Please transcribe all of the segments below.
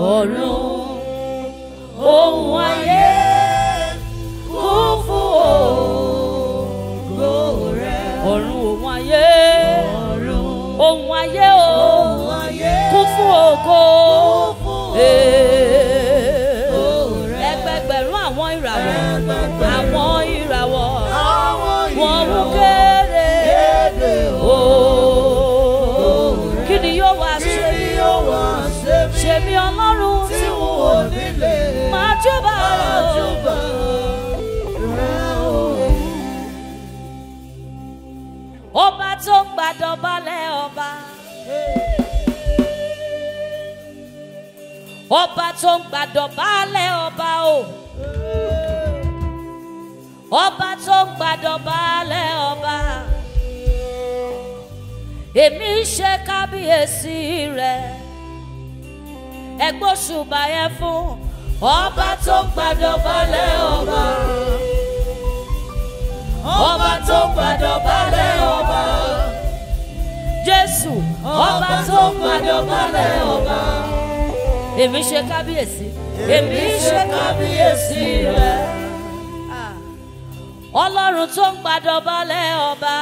Oh, Lord. ọba tó ń gbàdọ̀bálẹ̀ ọba o ọba tó ń gbàdọ̀bálẹ̀ ọba èmi ń ṣe kábíyèsí rẹ ẹgbẹ́ òṣùbà yẹn fún ọba tó ń gbàdọ̀bálẹ̀ ọba ọba tó ń gbàdọ̀bálẹ̀ ọba Jésù ọba tó ń gbàdọ̀bálẹ̀ ọba èmi ṣe kábíyèsí èmi ṣe kábíyèsí rẹ. Ah. ọlọ́run tó ń gbàdọ̀bálẹ̀ ọba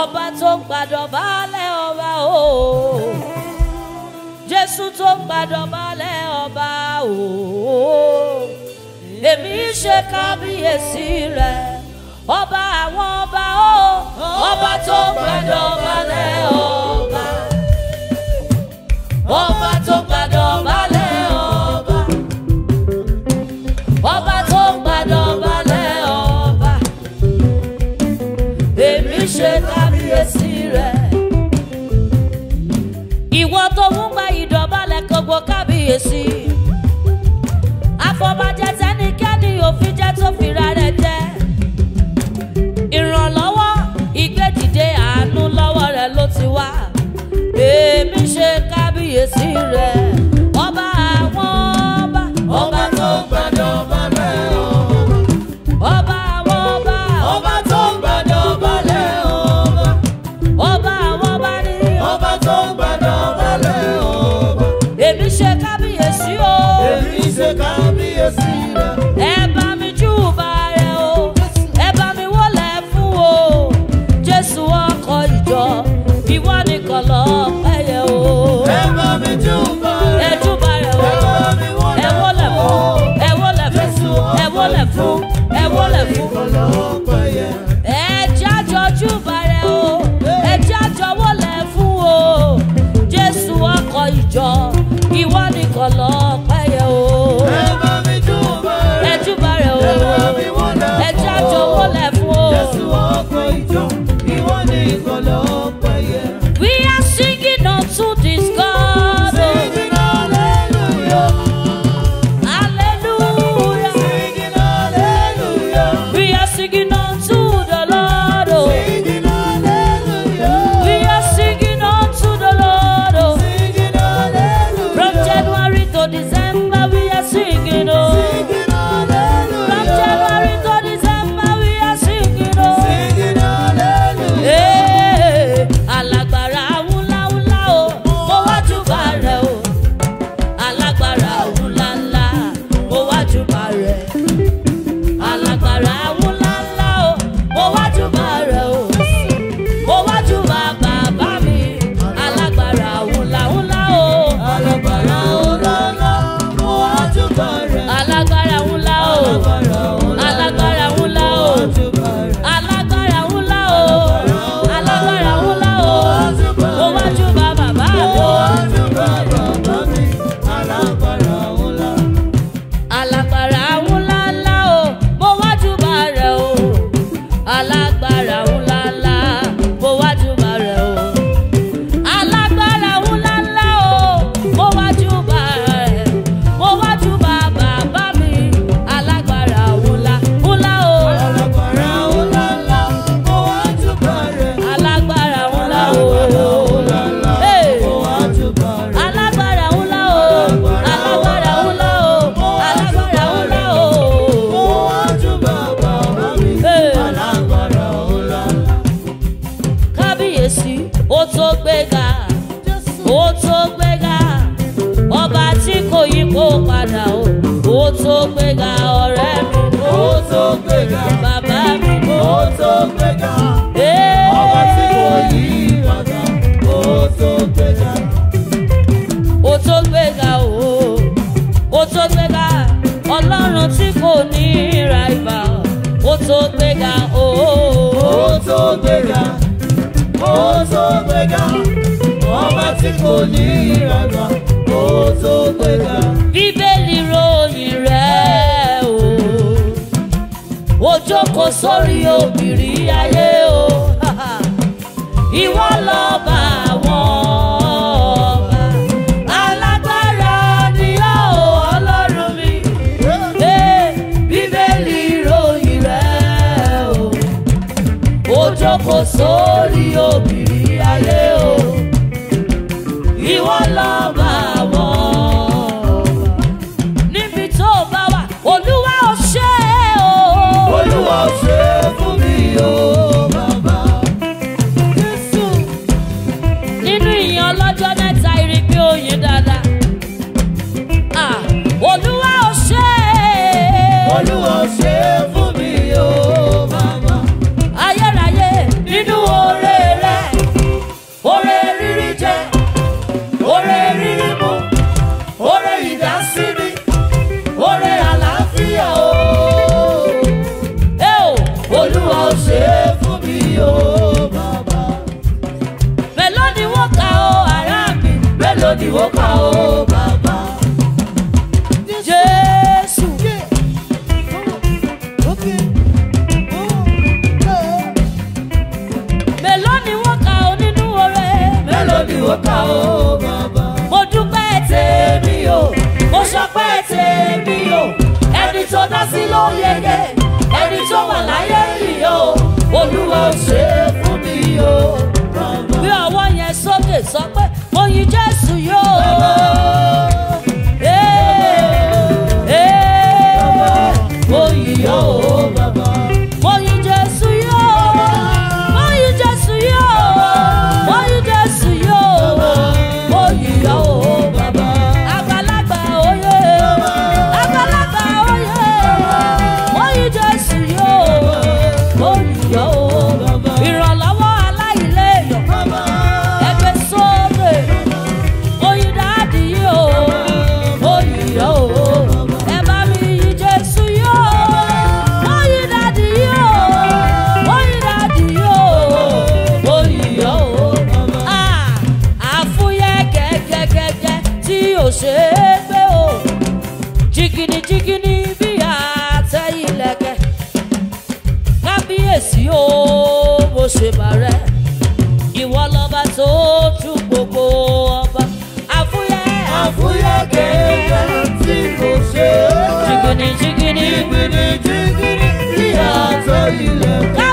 ọba tó ń gbàdọ̀bálẹ̀ ọba o jésù tó ń gbàdọ̀bálẹ̀ ọba o èmi ṣe kábíyèsí rẹ ọba àwọn ọba o ọba tó ń gbàdọ̀bálẹ̀ ọba. kábíyèsí àfọbàjẹ́ tẹ́nikẹ́ni òfin jẹ́ tó fi ra rẹ̀ jẹ́ ìrànlọ́wọ́ ìgbédìde àánú lọ́wọ́ rẹ̀ ló ti wá èmi ṣe kábíyèsí rẹ̀. jigiri jigiri jigiri kí àtọ́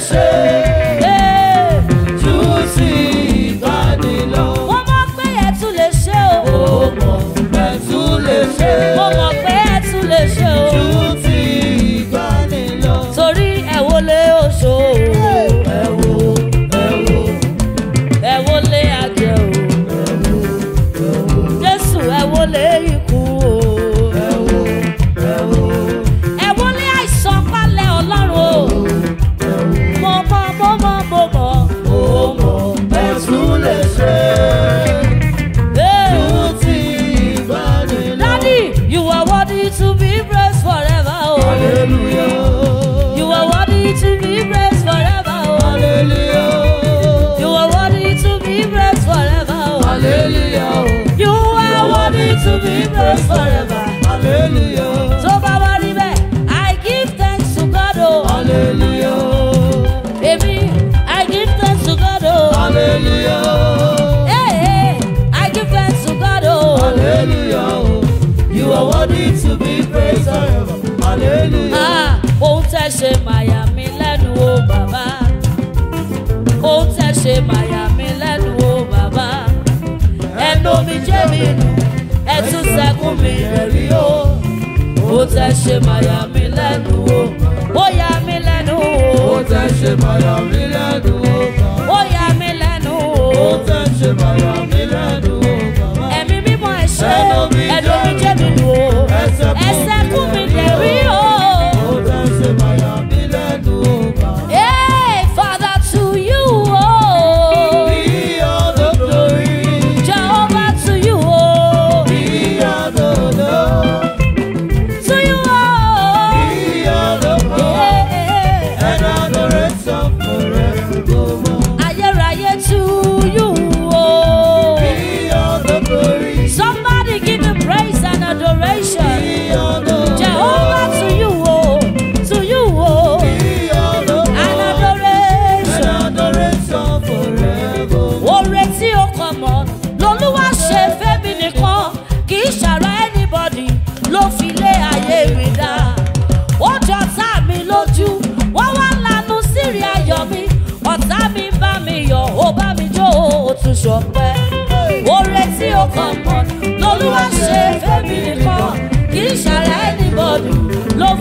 crescer. hallelujah. tó bá wá I give thanks to God oh. hallelujah. èmi I give thanks to God oh. hallelujah. Hey, I give thanks to God oh. hallelujah. you are worthy to be praised forever. hallelujah. ah ohun tẹ́ ṣe màyà mi lẹ́nu o bàbá ohun tẹ́ ṣe màyà mi lẹ́nu o bàbá ẹnu mi jẹ́ rí o ó tẹ ṣe màyà mi lẹ́nu o ó yà mí lẹ́nu o ó tẹ ṣe màyà mi lẹ́nu o ó yà mí lẹ́nu o ó tẹ ṣe màyà mi lẹ́nu o.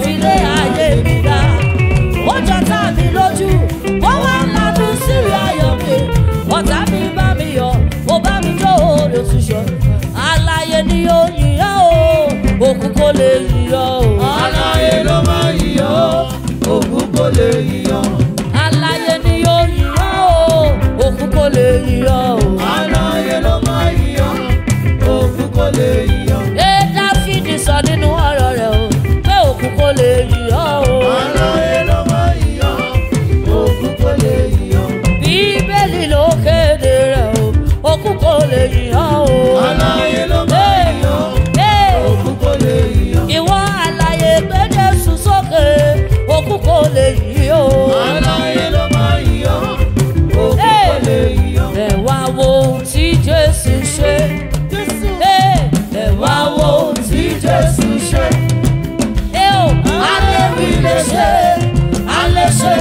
filé ayé mi dá ó jọ tá mi lójú ó wá máa tún sírí ayọ̀ mi ọ̀tá mi bá mi yọ̀ ó bá mi jó olùtúṣọ aláyé ni ó yìnyín o òkú kò lè yí.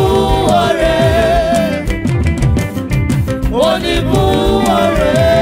oníbù ọ̀rẹ́ oníbù ọ̀rẹ́.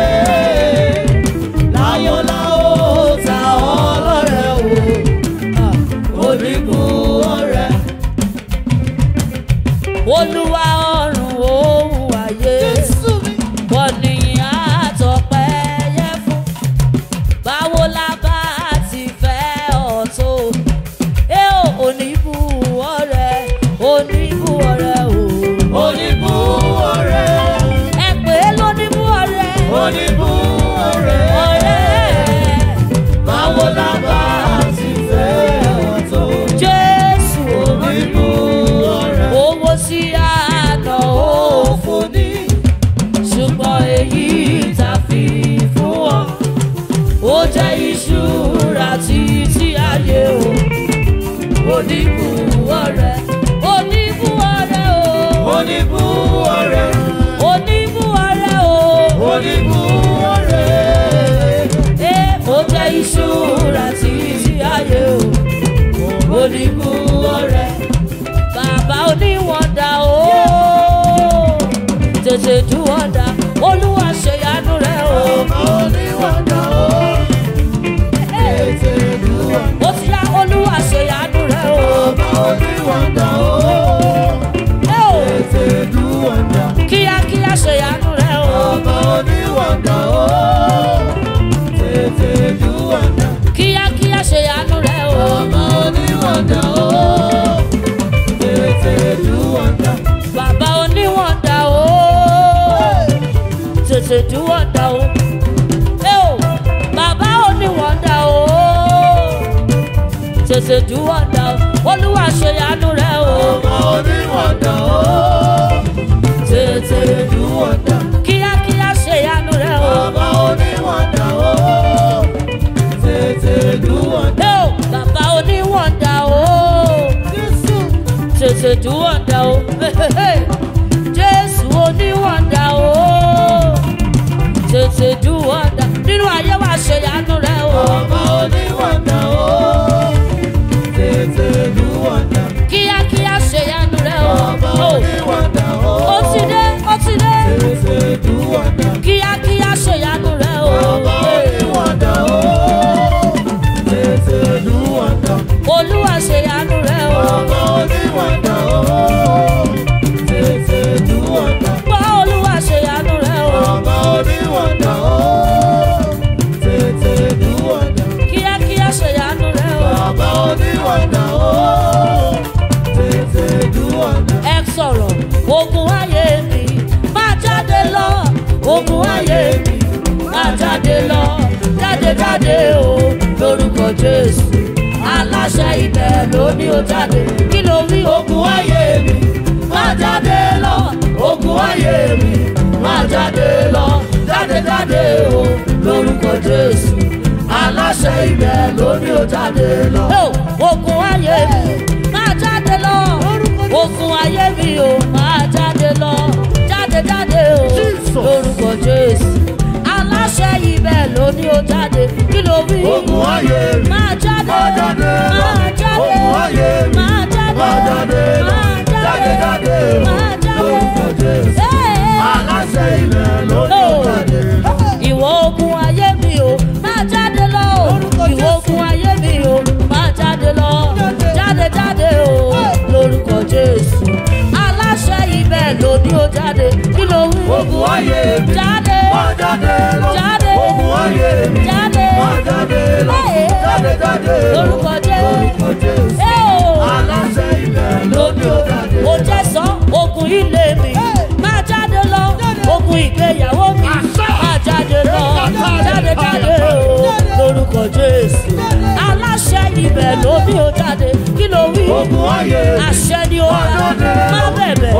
oníbùwọ̀ rẹ̀ oníbùwọ̀ rẹ̀ o oníbùwọ̀ rẹ̀ oníbùwọ̀ rẹ̀ o oníbùwọ̀ rẹ̀ ẹ ó jẹ́ ìṣúra tí ìṣí ayé o oníbùwọ̀ rẹ̀ o tètè ju ọ̀dà olúwa ṣe. ṣèjú ọ̀dà o. ẹ o bàbá oníwọ̀ndà o ṣèṣe jù ọ̀dà o olúwa ṣèyanu rẹ o. bàbá oníwọ̀ndà o ṣèṣe jù ọ̀dà. kíákíá ṣe yanu rẹ o. ọmọ mi wọ̀dà o. ó ti dé ó ti dé. ṣèrèṣè dùn wọ̀dà. kíá ayé mi máa jáde lọ jáde o lórúkọ Jésù aláṣẹ ibẹ̀ ló ní o jáde kí ló wí ogun ayé mi máa jáde lọ ogun ayé mi máa jáde lọ jáde o lórúkọ Jésù aláṣẹ ibẹ̀ ló ní o jáde lọ. ogun ayé mi máa jáde lọ ogun ayé mi ò máa jáde lọ lórúkọ jésù aláṣẹ yìí bẹ́ẹ̀ ló ní ó jáde kí ló wí. ogun ayé máa jáde máa jáde máa jáde ogun ayé máa jáde máa jáde máa jáde jáde máa jáde lórúkọ jésù aláṣẹ yìí bẹ́ẹ̀ ló ní ó oh. jáde. ìwọ ogun ayé mi o máa jáde lọ o ìwọ ogun ayé mi o máa jáde lọ jáde jáde o lòdì ó jáde kí ló wí. ogun ayé mi jáde máa jáde lọ jade, ogun ayé mi jade, máa jáde lọ jáde jáde lórúkọ Jésù aláṣẹ ilẹ̀ lòdì o jade, mo jẹ́ sọ ogun ile mi máa jáde lọ ogun ìgbéyàwó mi. àṣà jáde lọ jáde jáde o lórúkọ Jésù aláṣẹ ibẹ̀ ló bí o jáde kí ló wí àṣẹ ni o ara má bẹ̀bẹ̀ o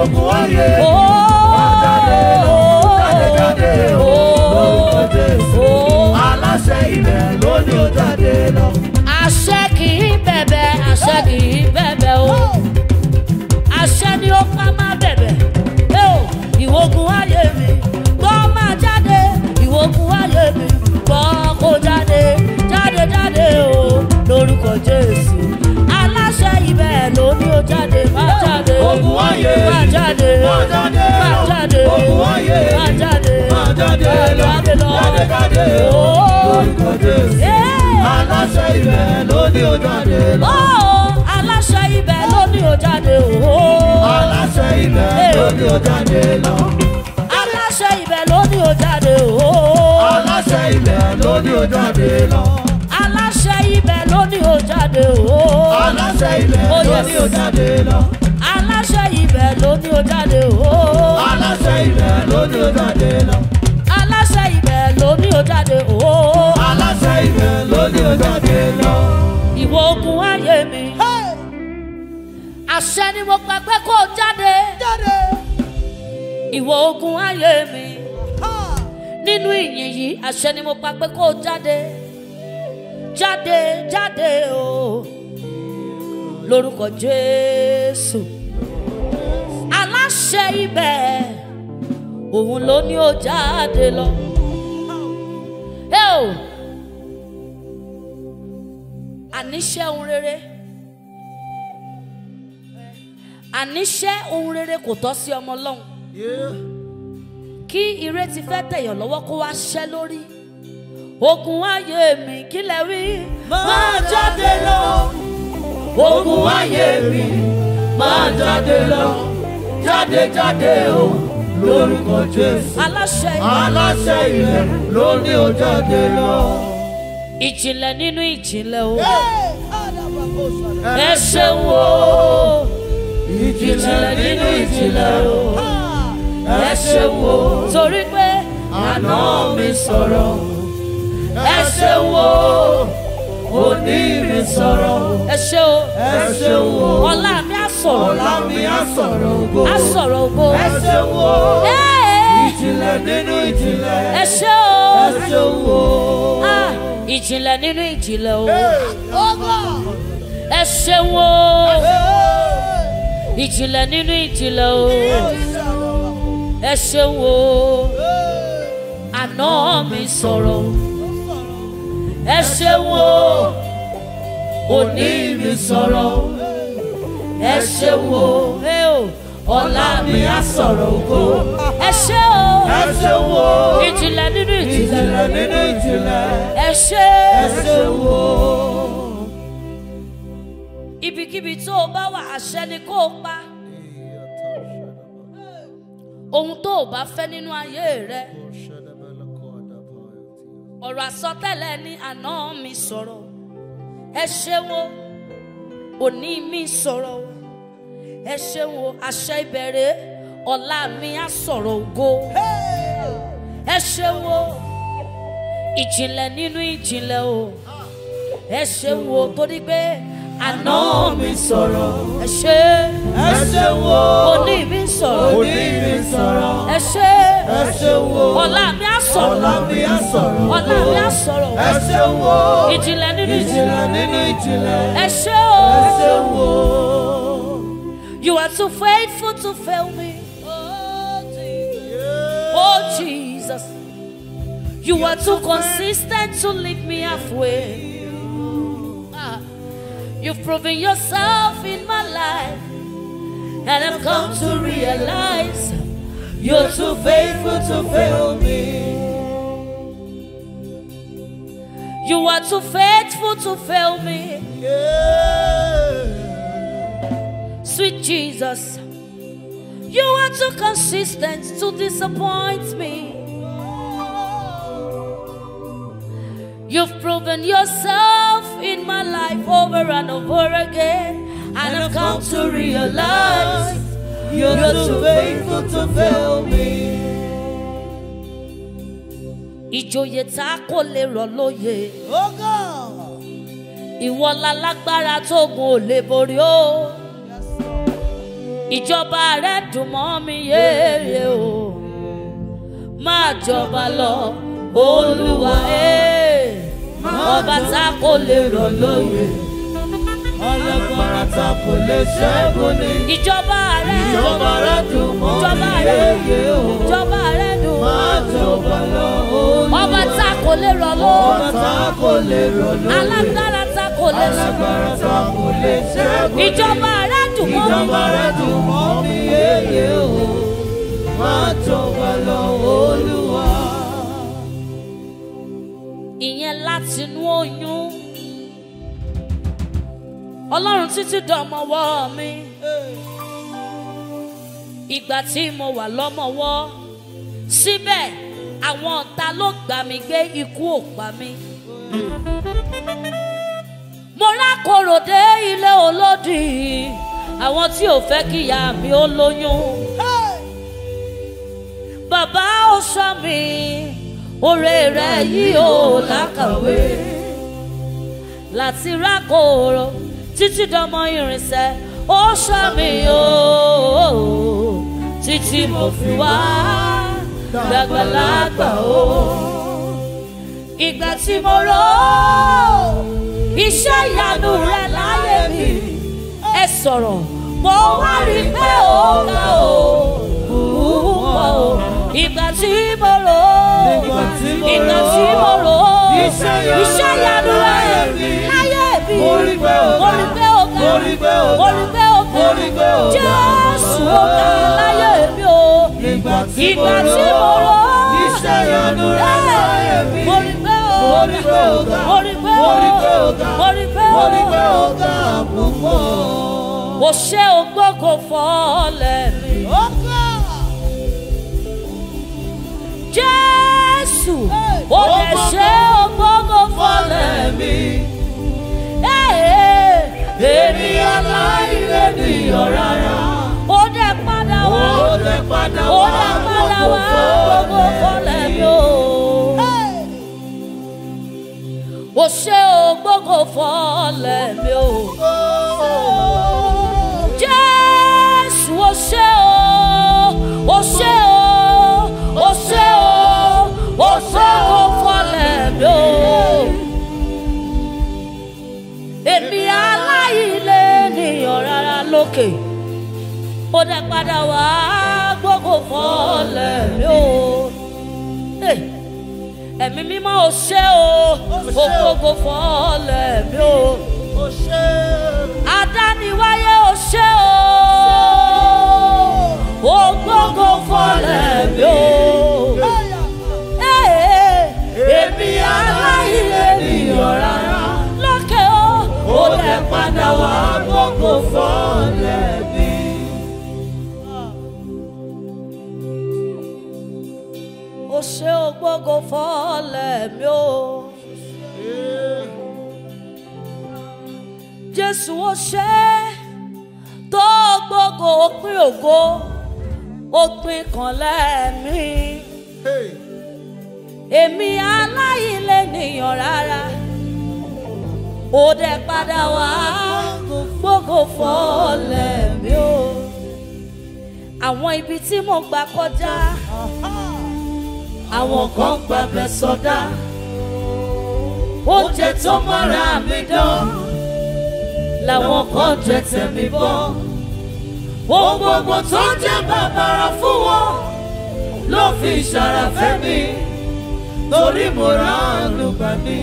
o aláṣẹ ibẹ̀ ló ní o jáde lọ. àṣẹ kì í bẹ̀bẹ̀ àṣẹ kì í bẹ̀bẹ̀ o àṣẹ ni ó pa má bẹ̀bẹ̀ ìwògùn ayé mi mi bọ́ kó jáde jáde jáde o lórúkọ Jésù aláṣẹ ibẹ̀ ló ní o jáde má jáde má jáde má jáde má jáde má jáde má jáde lọ lórúkọ Jésù aláṣẹ ibẹ̀ ló ní o jáde lọ aláṣẹ ibẹ̀ ló ní ó o. aláṣẹ ibẹ̀ ló ní ó jáde lọ. aláṣẹ ibẹ̀ o aláṣẹ ibẹ̀ ló ní ó jáde lọ. aláṣẹ ibẹ̀ ló ní ó jáde o. aláṣẹ ibẹ̀ ló ní ó jáde lọ. aláṣẹ ibẹ̀ ló ní ó o. aláṣẹ ibẹ̀ ló ní lọ. aláṣẹ ibẹ̀ ló ní ó o. aláṣẹ ibẹ̀ ló ní ó jáde lọ. ìwọ ogun ayé mi. àṣẹ ni mo pẹ́ kó jáde. ìwọ ogun ayé mi nínú ìyìn yìí àṣẹ ni mo pa pé kó o jáde jáde jáde o lórúkọ Jésù aláṣẹ ibẹ̀ òun ló ní o jáde lọ. àníṣe ohun rere àníṣe ohun rere kò tọ́ sí ọmọ Ọlọ́run. Yeah kí ire ti fẹ́ tẹ̀yàn lọ́wọ́ kó wá ṣẹ́ lórí ogun ayé mi kí lẹ wí. máa jáde lọ ogun ayé mi máa jáde lọ jáde jáde o lórúkọ Jésù aláṣẹ ilẹ̀ aláṣẹ ilẹ̀ ló ní o jáde lọ. ìjìnlẹ̀ nínú ìjìnlẹ̀ o ẹ ṣeun o ìjìnlẹ̀ nínú ìjìnlẹ̀ o ẹ ṣeun o torí pé àná mi sọ̀rọ̀ ẹ ṣeun o òní mi sọ̀rọ̀ ẹ ṣe o ẹ ṣeun o ọlá mi á sọ̀rọ̀ ọlá mi á sọ̀rọ̀ ògo á sọ̀rọ̀ ògo ẹ ṣeun o ìjìnlẹ̀ nínú ìjìnlẹ̀ ẹ ṣe o ẹ ṣeun o ah, ìjìnlẹ̀ nínú ìjìnlẹ̀ o ẹ ṣeun o ìjìnlẹ̀ nínú ìjìnlẹ̀ o ẹ ṣeun o àná mi sọ̀rọ̀ ẹ ṣeun o òní mi sọ̀rọ̀ ẹ ṣeun o ọ̀la mi á sọ̀rọ̀ ògo ẹ ṣé o ẹ ṣé o ìjìnlẹ̀ nínú ìjìnlẹ̀ nínú ìjìnlẹ̀ ẹ ṣé ẹ ṣé o. ibikíbi tó o bá wà àṣẹ ni kó pa ohun tó o bá fẹ́ nínú ayé rẹ ọ̀rọ̀ àsọtẹ́lẹ̀ ní àná mi sọ̀rọ̀ ẹ ṣeun o òní mi sọ̀rọ̀ o ẹ ṣeun o ìbẹ̀rẹ̀ ọ̀la mi á sọ̀rọ̀ ògo ẹ ṣeun ìjìnlẹ̀ nínú ìjìnlẹ̀ o ẹ ṣeun o torí pé. àná mi sọ̀rọ̀. ẹ ṣé ẹ ṣé wo òní mi sọ̀rọ̀. òní mi sọ̀rọ̀. ẹ ṣé ẹ ṣé wo ọ̀la mi á sọ̀rọ̀. ọ̀la mi á sọ̀rọ̀. ọ̀la mi á sọ̀rọ̀. ẹ ṣé wo ìjìnlẹ̀ nínú ìjìnlẹ̀ nínú ìjìnlẹ̀. ẹ ṣé o wo. You are too faithful to fail me. Oh, Jesus. Oh, you are too consistent to leave me halfway. You've proven yourself in my life. And I've come to realize you're too faithful to fail me. You are too faithful to fail me. Yeah. Sweet Jesus, you are too consistent to disappoint me. You've proven yourself in my life over and over again. And, and I've come, come to realize you're, you're too faithful to fail me. Ìjòyè ta kò lè rọ̀ lóye. Oh Ìwọ lalágbára tógun ò lè borí o. Ìjọba rẹ̀ dùn mọ́ mi yéèrè o. Máa jọba lọ, Olúwa ẹ̀. Eh. ọba tá kò lè rọ̀ lóye ọlọ́gbọ́n tá kò lè ṣẹ́gun ni. ìjọba rẹ ìjọba rẹ dùn mọ́ iye iye o ìjọba rẹ dùn mọ́ ìjọba lọ olùwẹ̀. ọba tá kò lè rọ̀ lóye ọba tá kò lè rọ̀ lóye alágbára tá kò lè ṣẹ́gun alágbára tá kò lè ṣẹ́gun ni. ìjọba rẹ dùn mọ́ ìjọba rẹ dùn mọ́ iye o máa jọba lọ olùwẹ̀. sínú oyún ọlọ́run títí dọmọwọ́ mi ìgbà tí mo wà lọ́mọwọ́ síbẹ̀ àwọn ọ̀tá ló gbà mí gbé ikú ò pa mí. mo rákòrò dé ilé olódì àwọn tí ò fẹ́ kíyà mi ó lóyún bàbá ó sọ mi. Oore rẹ̀ yìí ò lákàwé láti rákòrò títí dọmọ irinṣẹ́ ó ṣàmì o títí mo fi wá dàgbàlagbà o ìgbà tí mo rò iṣẹ́ ìyanu rẹ̀ láyé mi ẹ sọ̀rọ̀ mo wá rí pé ó ga o ìgbà tí mo rò ìgbà tí mo rò ó iṣẹ́ ìyanu ayé mi mo rí pé ó ga mo rí pé ó ga jésù ó ga láyé mi o ìgbà tí mo rò ó iṣẹ́ ìyanu ayé mi mo rí pé ó ga mo rí pé ó ga mo rí pé ó ga púpọ̀ mo ṣe ògbógo fọ́ọ̀lẹ̀ mi. jẹ́ jésù o lè ṣe ògbógo fọlẹ̀ mi. eh eh. Emi rárá. ó dẹ̀ padà wá ó pada. padà o ògbógo fọlẹ̀ mi o. ó o ògbógo fọlẹ̀ mi o. jésù ó ṣe o ó ṣe o. sókè ó dá padà wá gbogbo fọlẹ̀ mi o ẹ̀mí mímọ́ ò ṣe o gbogbo fọlẹ̀ mi o adániwáyé ò ṣe o gbogbo fọlẹ̀ mi o. padà wá gbogbo fọ́lẹ́bí. o ṣe o gbogbo fọ́lẹ́mí o. Jésù o ṣe tó gbogbo òpin ògo òpin kan lẹ́mí. Èmi aláìlẹ́nìyàn rárá ó dẹ̀ padà wá gbogbo fọlẹ̀ mi o àwọn ibi tí mo gbà kọjá àwọn kan gbà bẹ sọdá oúnjẹ tó mọ́ra mi dán làwọn kan jẹ tẹ̀mí bọ́ ohun gbogbo tó jẹ́ bàbàrà fún wọn ló fi ṣàràfẹ́ mi torí mo ránù bá mi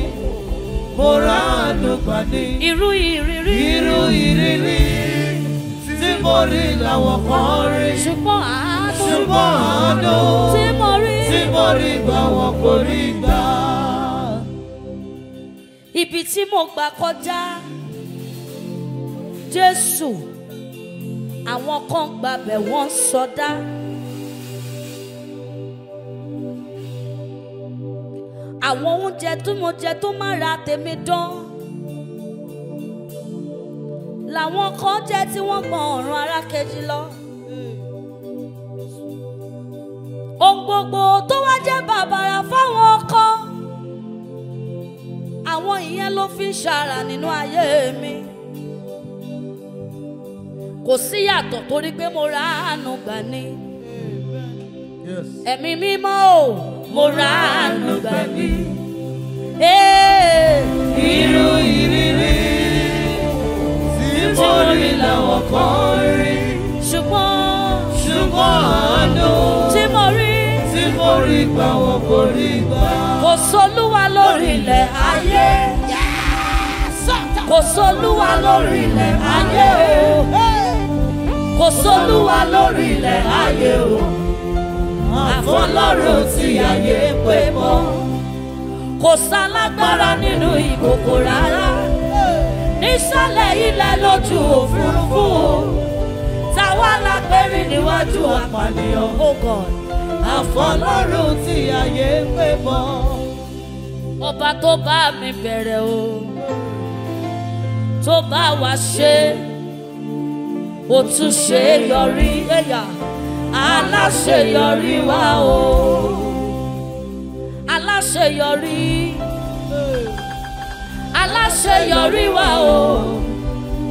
mo rà á ló pàdé. irú ìrírí. irú ìrírí tí mo rí làwọn kan rí. ṣùgbọ́n àánú. ṣùgbọ́n àánú. tí mo rí. tí mo rí gbà wọ́n kò rí gbà. ibi tí mo gbà kọjá Jésù àwọn kan gbàbẹ̀ wọ́n sọdá. So àwọn oúnjẹ tó mo jẹ tó má ra tèmi dán làwọn kan jẹ tí wọ́n gbọ́n ọ̀run ara kejì lọ. ohun gbogbo tó wá jẹ́ bàbàrà fáwọn ọkọ àwọn ìyẹn ló fi ń ṣara nínú ayé mi kò sí yàtọ̀ torí pé mo ra àánú gbà ni ẹ̀mí mímọ́ o mo ránu gbẹ̀bí. Eh, irú ìrírí tí mo rí làwọn kan rí. ṣùgbọ́n ṣùgbọ́n àánú tí mo rí tí mo rí gbà wọ́n kò rí gbà. kò sólúwa lórílẹ̀ ayé. Kò sólúwa lórílẹ̀ ayé o. Kò sólúwa lórílẹ̀ ayé o àfọlọ́run ti àyè pé mọ́ kò sálágbára nínú ìkòkò rárá nísàlẹ̀ ilẹ̀ lójú òfurufú o táwa lágbèrè níwájú apànìyàn ògò oh àfọlọ́run ti àyè pé mọ́. ọba tó bá mi bẹ̀rẹ̀ o tó bá wa ṣe ó tún ṣe é yọrí. Yeah, aláṣeyọrí wa o aláṣeyọrí aláṣeyọrí wa o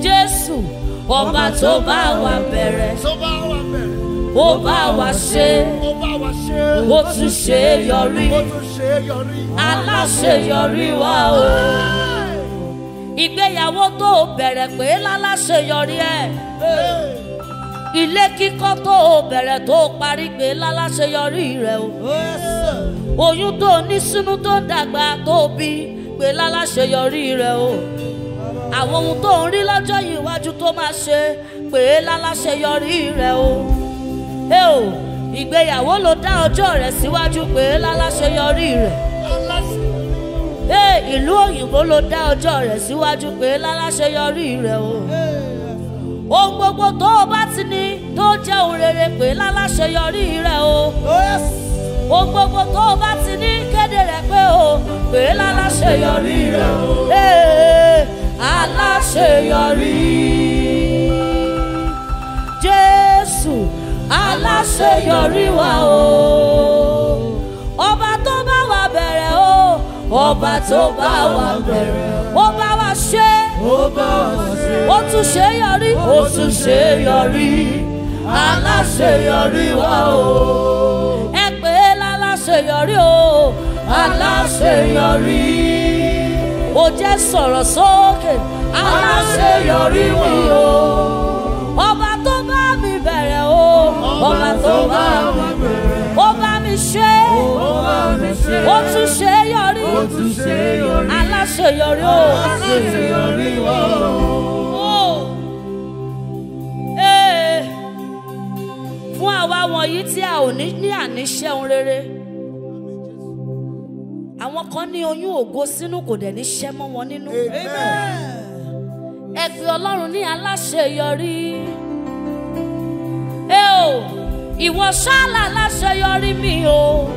Jésù ọba tó bá wa bẹ̀rẹ̀ ó bá wa ṣe ó tún ṣe yọrí aláṣeyọrí wa o ìgbéyàwó tó bẹ̀rẹ̀ pé láláṣeyọrí ẹ̀. Hey ilé kíkọ́ tó o bẹ̀rẹ̀ tó o parí gbé láláṣeyọrí rẹ o oyún tó o ní sínú tó ń dàgbà tó o bí gbé láláṣeyọrí rẹ o àwọn ohun tó ń rí lọ́jọ́ iwájú tó máa ṣe pé láláṣeyọrí rẹ o ẹ o ìgbéyàwó ló dá ọjọ́ rẹ síwájú pé láláṣeyọrí rẹ ẹ ìlú òyìnbó ló dá ọjọ́ rẹ síwájú pé láláṣeyọrí rẹ o. Hey ohun gbogbo tó o bá ti ní tó jẹ́ ohun rere pé láláṣeyọrí rẹ o. ohun gbogbo tó o bá ti ní kéde rẹ pé o pé láláṣeyọrí rẹ o. aláṣeyọrí Jésù aláṣeyọrí wa o. ọba tó bá wa bẹ̀rẹ̀ o ọba tó bá wa bẹ̀rẹ̀ o bá wa ṣe é ó bá ọ ṣe. ó tún ṣe é yọrí. ó tún ṣe yọrí. aláṣeyọrí wa o. ẹ pè é láláṣeyọrí o. aláṣeyọrí. ó jẹ́ sọ̀rọ̀ sókè. aláṣeyọrí wa o. ọba tó bá mi bẹ̀rẹ̀ o. ọba tó bá mi bẹ̀rẹ̀. ó bá mi ṣe. ó bá mi ṣe. ó tún ṣe ṣeyọrí o tún ṣeyọrí aláṣeyọrí o aláṣeyọrí o. fún àwa wọ̀nyí tí a ò ní ní àníṣe ohun rere àwọn kan ní oyún ògo sínú kò dẹ̀ ní ṣẹ́ mọ́ wọn nínú. ẹ fi ọlọ́run ní aláṣeyọrí. ẹ o ìwọ ṣáàlà aláṣeyọrí mi o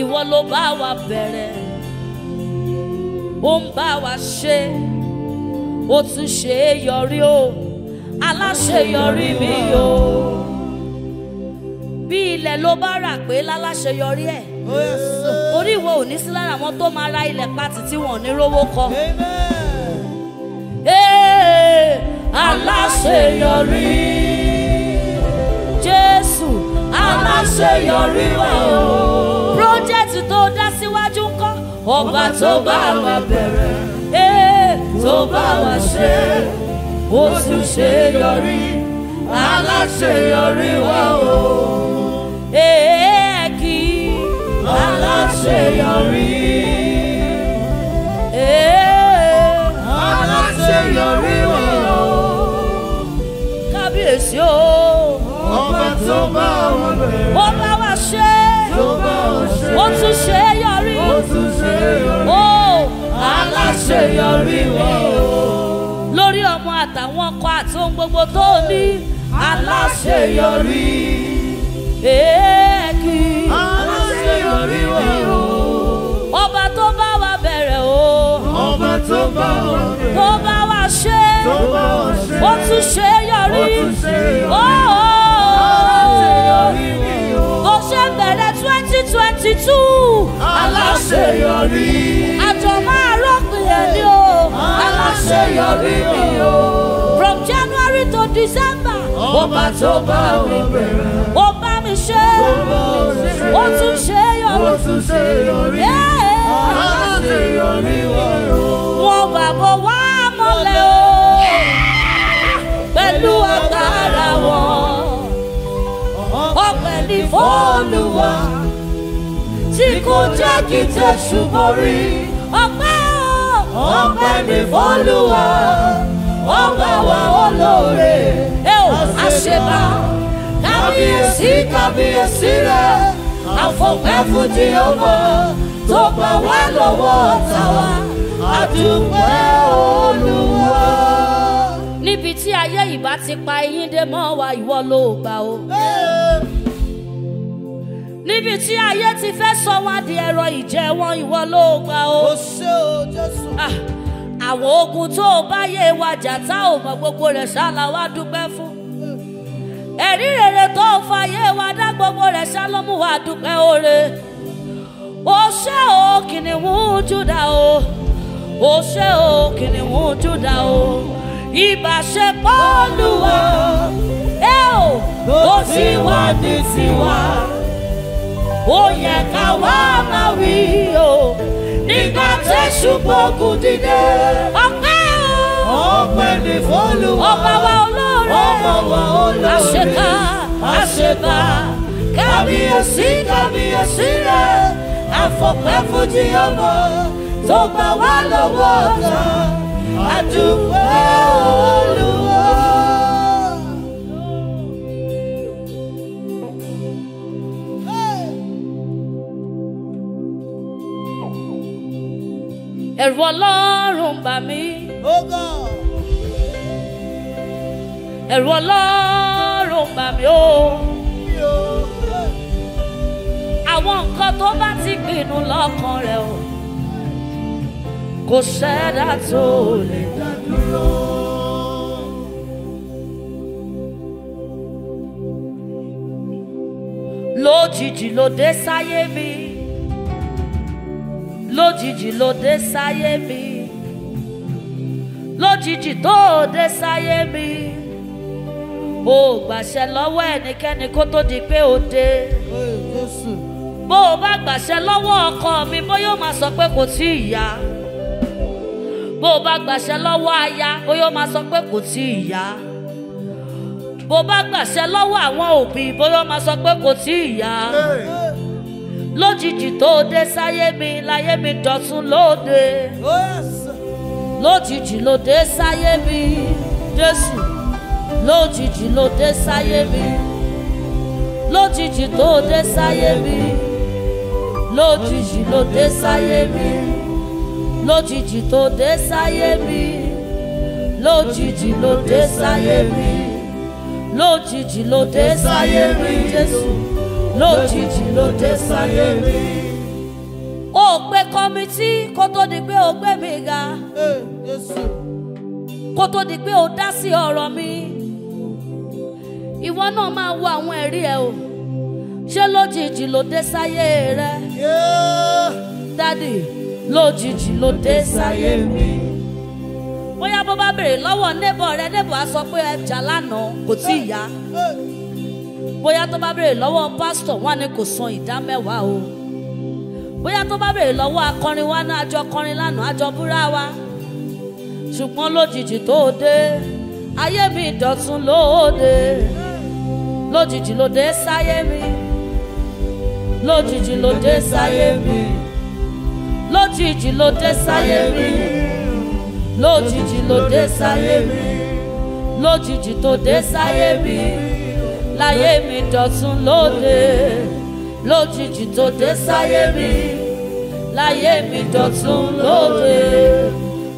ìwọ ló bá wa bẹ̀rẹ̀ ó ń bá wa ṣe ó tún ṣe é yọrí o aláṣeyọrí mi o bí ilẹ̀ ló bá rà pé láláṣeyọrí ẹ̀ oh, torí ìwọ ò ní sí lára àwọn tó máa ra ilẹ̀ pátì tí wọn ò ní rówó kọ. aláṣeyọrí Jésù aláṣeyọrí wa o ọba tó bá wa bẹ̀rẹ̀ tó bá wa ṣe ó sì ṣe yọrí aláṣeyọrí wa o. Ẹ̀ẹ́kì aláṣeyọrí. Aláṣeyọrí wa o. Kábíyèsí o. Ọba tó bá wa bẹ̀rẹ̀. Ó wa ṣe ó tún ṣe é yọrí ó tún ṣe é yọrí ó oh, aláṣeyọrí wọ lórí ọmọ àtàwọn ọkọ àti ohun gbogbo tó ní aláṣeyọrí èèkì aláṣeyọrí wọ ọba tó bá wa bẹ̀rẹ̀ o ọba tó bá wa bẹ̀rẹ̀ tó bá wa ṣe ó tún ṣe é yọrí ó ó ó ó ṣe bẹ̀rẹ̀. 2022, twenty two. aláṣeyọrí. àjọ máa rọ́pìn ẹ̀ ní o. aláṣeyọrí mi o. from January to December. ọba tó bá mi bẹ̀rẹ̀. ó bá mi ṣe. ó tún ṣe yọrí. ó tún ṣe yọrí. aláṣeyọrí mi o. wọn bàbá wa mọ́lẹ̀ o. pẹ̀lú agbára wọn pẹ̀lú fọ́ọ̀lùwà tí kò jẹ́ kí tẹ̀sù borí. ọpẹ́ o ọpẹ́ ní fọ́ọ̀lùwà ọba wa olóore àṣebá kábíyèsí kábíyèsí rẹ àfọ̀pẹ́ fún Jèhófà tó gbà wá lọ́wọ́ ọ̀tá wa àdúpẹ́ olúwa. níbi tí ayé ìbá ti pa eyín dé mọ́ wa ìwọ ló gbà o níbi tí ayé ti fẹ́ sọ wá di ẹ̀rọ ìjẹ wọn ìwọ ló gbà o. o ṣé o jésù. Ah, àwọn ogun tó o bá yé wa jà tá ò mọ gbogbo rẹ̀ ṣáàlà wá dúpẹ́ fún. ẹ̀rí rere tó o fa yé wa dá gbogbo rẹ̀ ṣálọ́mù wá dúpẹ́ oore. o ṣé o kìnìún júdà o. o ṣé o kìnìún júdà o. ìbà ṣe ẹ o. ó sì wá ní tiwa ó yẹ ká wá máa wí o nígbà tẹ̀sù gbógun dìde. ọpẹ́ o ọpẹ́ ní fọlùwà ọba wa olóore ọba wa olóore àṣetà àṣetà kábíyèsí kábíyèsí rẹ àfọ̀pẹ́ fújì ọmọ tó gbà wá lọ́wọ́ ọ̀tá àdúgbò olóore. ẹ̀rù ọlọ́run bà mí. Oh ẹ̀rù ọlọ́run bà mí o. àwọn nǹkan tó bá ti pinnu lọ́kàn rẹ̀ o kò sẹ́dá tó lè dá dúró. lójijì ló dé sáyé mi lójijì ló dé sáyé mi lójijì tó dé sáyé mi o gbàṣẹ lọ́wọ́ ẹnikẹ́ni kó tó di pé o dé bó o bá gbàṣẹ lọ́wọ́ ọkọ mi bóyá o máa sọ pé kò tí ì yá bó o bá gbàṣẹ lọ́wọ́ aya bóyá o máa sọ pé kò tí ì yá bó o bá gbàṣẹ lọ́wọ́ àwọn òbí bóyá o máa sọ pé kò tí ì yá. Hey lójijì tó dé sáyé mi láyé mi dọ̀tún lóde. lójijì ló dé sáyé mi jésù lójijì ló dé sáyé mi lójijì tó dé sáyé mi lójijì ló dé sáyé mi lójijì tó dé sáyé mi lójijì ló dé sáyé mi lójijì ló dé sáyé mi jésù lójijì ló dé sáyé mi. o pe kọ́mítì kó tó di pé o gbé mi ga kó tó di pé o dá sí ọ̀rọ̀ mi ìwọ náà máa wo àwọn ẹ̀rí ẹ o ṣé lójijì ló dé sáyé rẹ dádì lójijì ló dé sáyé mi bóyá bó bá béèrè lọ́wọ́ nébọ̀ rẹ nébọ̀ á sọ pé ẹ jà lánàá kò tí ì yá. Hey bóyá tó bá béèrè lọ́wọ́ pásítọ̀ wọn ni kò san ìdá mẹ́wàá o bóyá tó bá béèrè lọ́wọ́ akọrin wa náà àjọ kọrin lánàá àjọ búra wa ṣùgbọ́n lójijì tó dé ayé mi dọ̀tun lóde lójijì ló dé sáyé mi lójijì ló dé sáyé mi lójijì ló dé sáyé mi lójijì ló dé sáyé mi lójijì tó dé sáyé mi láyé mi dọ̀tun lóde lójijì tó dé sáyé mi láyé mi dọ̀tun lóde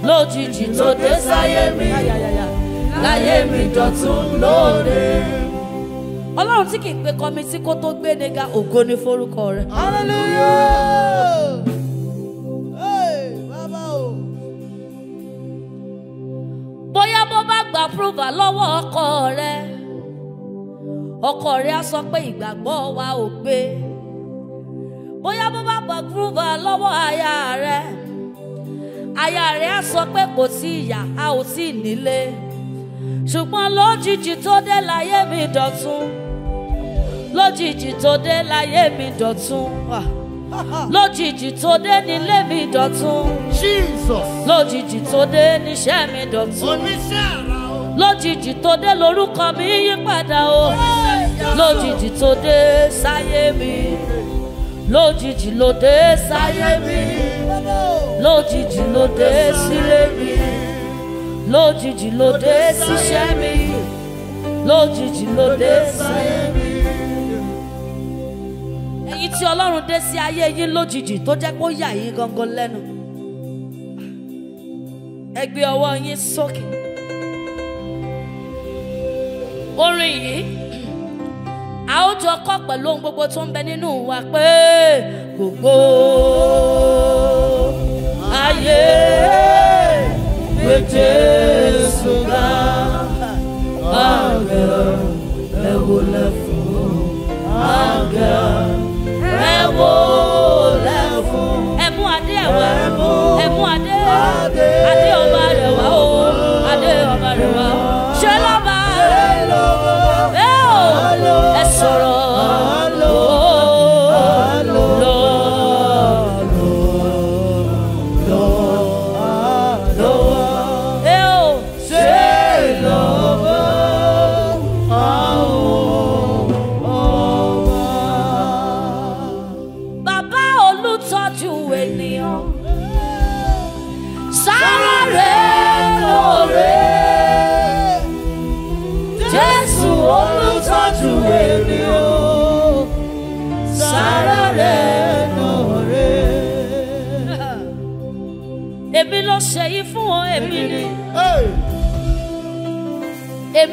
lójijì tó dé sáyé mi láyé mi dọ̀tun lóde. ọlọ́run tí kì í pe kọmitì kó tó gbé ni ga ògo ni forúkọ rẹ̀. hallelujah. bóyá bó bá gba prova lọ́wọ́ ọkọ rẹ̀ ọkọ rẹ á sọ pé ìgbàgbọ́ wa ò gbé bóyá bó bá bọ gúrúvà lọ́wọ́ aya rẹ aya rẹ á sọ pé kò sí ìyá a ò sí nílé ṣùgbọ́n lójijì tó dé láyé mi dọ̀tun lójijì tó dé láyé mi dọ̀tun lójijì tó dé nílé mi dọ̀tun lójijì tó dé níṣẹ́ mi dọ̀tun lójijì tó dé lórúkọ mi yí padà o lójijì tó dé sáyé mi lójijì ló dé sáyé mi lójijì ló dé sílé mi lójijì ló dé síṣẹ́ mi lójijì ló dé sáyé mi èyí tí ọlọ́run dé sí ayé yín lójijì tó jẹ́ kó yà yín gangan lẹ́nu ẹ ọwọ́ yín sókè orin yìí a ó jọ kọ́ pẹ̀lú ohun gbogbo tó ń bẹ nínú wa pé gbogbo ayé pé Jésù ga ẹ wò lẹ fún àgà ẹ wò lẹ fún. ẹ mú adé ẹ wá ẹ mú adé adé ọba rẹ wá o adé ọba rẹ wá ṣé lọ́ba. solo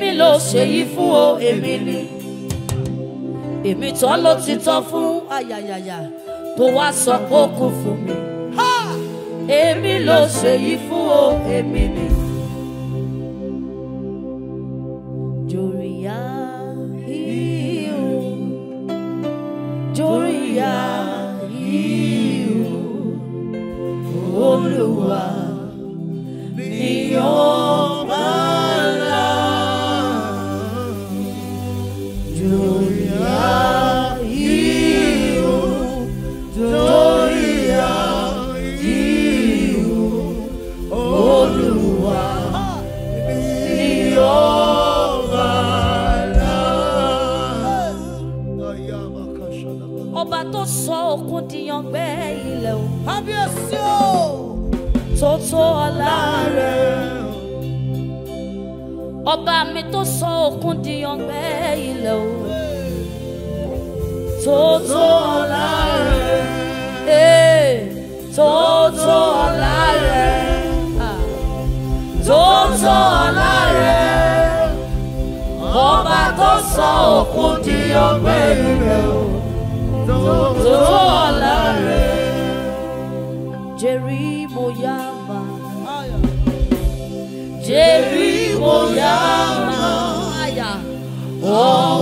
èmi ló ṣèyí fún o èmi ni èmi tán ló ti tán fún ayayaya tó wá sọ pé kú fún mi èmi ló ṣèyí fún o èmi ni. lẹni tó sọ òkun di ọgbẹ́ ilẹ̀ o. Tótó ọlá rẹ̀. Eh, tótó ọlá rẹ̀. Tótó ọlá rẹ̀. Ọba tó sọ òkun di ọgbẹ́ ilẹ̀ o. Tótó ọlá rẹ̀. all oh.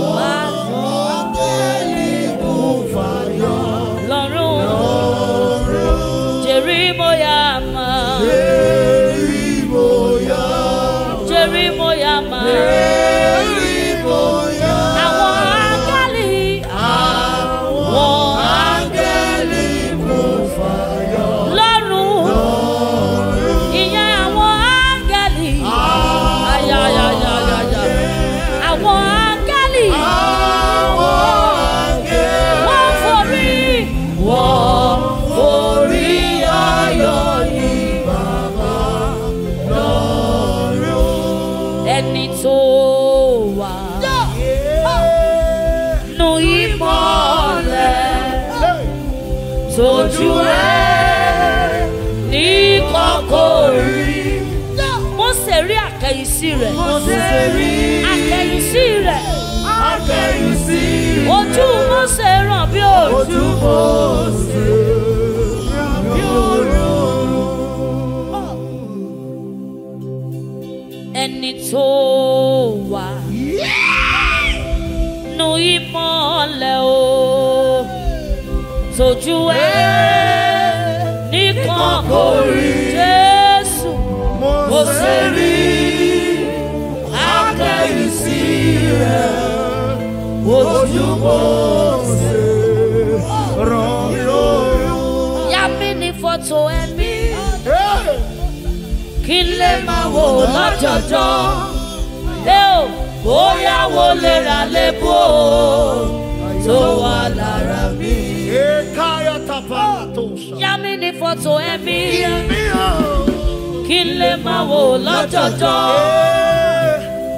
Oh, wò lọ́jọ́jọ́ lé o bóyá wo lè ra lébò tó wà lára mi. yá mi ní fọ́tò ẹbí kí n lè máa wò lọ́jọ́jọ́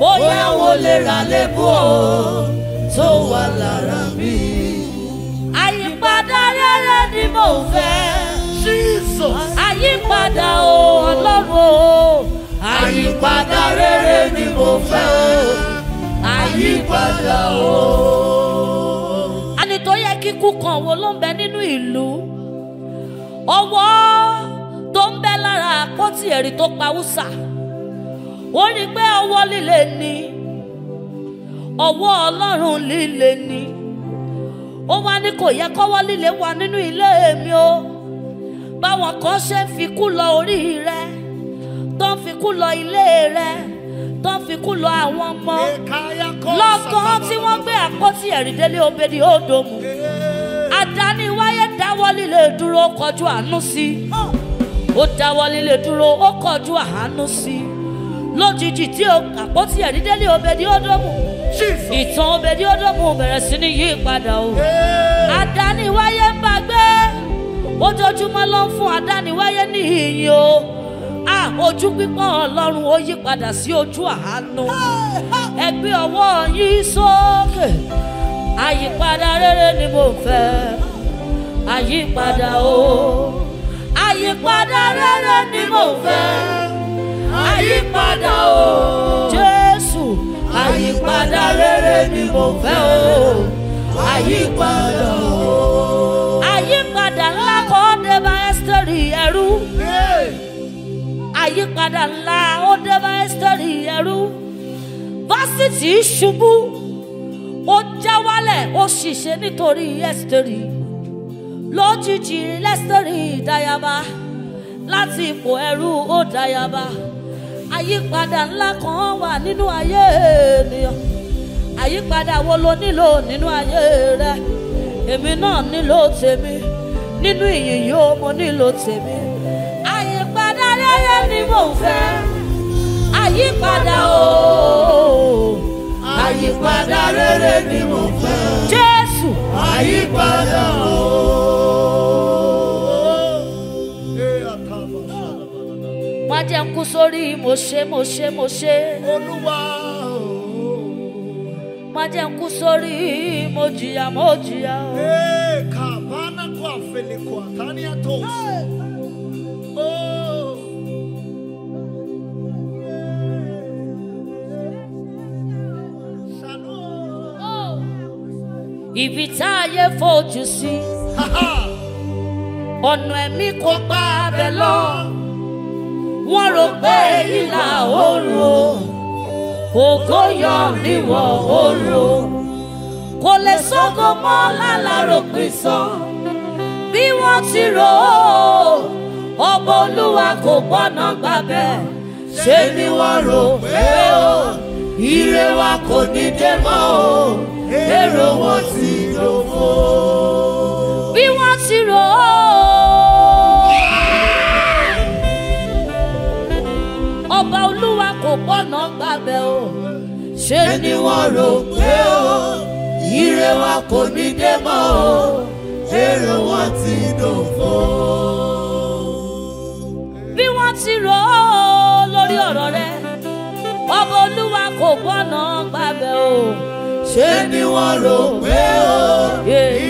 bóyá wo lè ra lébò tó wà lára mi. àyípadà rere ni mo fẹ́. Jesus. àyípadà o ọlọ́run o àyípadà rere ni mo fẹ́ o àyípadà o. ẹni tó yẹ kíkú kan wo ló ń bẹ nínú ìlú ọwọ́ tó ń bẹ lára àpótí ẹ̀rí tó pa wúsà ó rí pé ọwọ́ líle ni ọwọ́ ọlọ́run líle ni ó wá ní kò yẹ kọ́wọ́ líle wà nínú ilé mi o báwọn kan ṣe fi kú lọ orí rẹ tó ń fi kú lọ ilé rẹ tó ń fi kú lọ àwọn ọmọ lọ́gán tí wọ́n gbé àpótí ẹ̀rí délé obedi ódòmù àdáni wáyé dáwọ́ líle dúró ó kọjú àánú sí ó dáwọ́ líle dúró ó kọjú àánú sí lójijì tí àpótí ẹ̀rí délé obedi ódòmù ìtàn obedi ódòmù bẹ̀rẹ̀ sí ní yí padà o àdáni wáyé ń bá gbé ojoojúmọ́ ló ń fún àdáni wáyé ní ìyìn o ah ojú pípọ́n ọlọ́run ó yí padà sí ojú àánú ẹ gbé ọwọ́ yín sókè àyípadà rere ni mo fẹ́ àyípadà o àyípadà rere ni mo fẹ́ àyípadà o Jésù àyípadà rere ni mo fẹ́ o àyípadà o. àyípadà ńlá ó dé bá ẹ́sítẹ́rì ẹrú fásitì ṣubú ó já wálẹ̀ ó ṣìṣe nítorí ẹ́sítẹ́rì lójijì lẹ́sítẹ́rì dáyàbá láti ipò ẹrú ó dáyàbá àyípadà ńlá kan wà nínú ayé ènìyàn àyípadà wo lo nílò nínú ayé rẹ èmi náà nílò tèmi nínú ìyìn yìí ó mo nílò tèmi rere ni mò ń fẹ́ àyípadà o àyípadà rere ni mò ń fẹ́ Jésù àyípadà o. má jẹ́ ń kú sórí mo ṣe mo ṣe mo ṣe. olúwa má jẹ́ ń kú sórí mo jìyà mo jìyà o. ee kàbánà kó àfẹlẹ kó If it's ayé fojú sí ọ̀nà see, ha ha, abẹ lọ wọ́n the pé ìlà oòrùn o ògo yọ níwọ̀ oòrùn o kò lè sọ́kò mọ́ lálàrò pìsọ bí wọ́n ti rò ó ọba olúwa kò gbọ́nà gbàbẹ́ ṣé ire wa kò ní dé o èrò wọn ti dòfo. bí wọ́n ti rò ó. ọba olúwa kò gbọ́nà gbàgbẹ́ o. ṣé ni wọ́n rò pé o ire wa kò ní dé mọ́ o èrò wọn ti dòfo. bí wọ́n ti rò ó lórí ọ̀rọ̀ rẹ ọba olúwa kò gbọ́nà gbàgbẹ́ o ṣé ni wọ́n rò pé o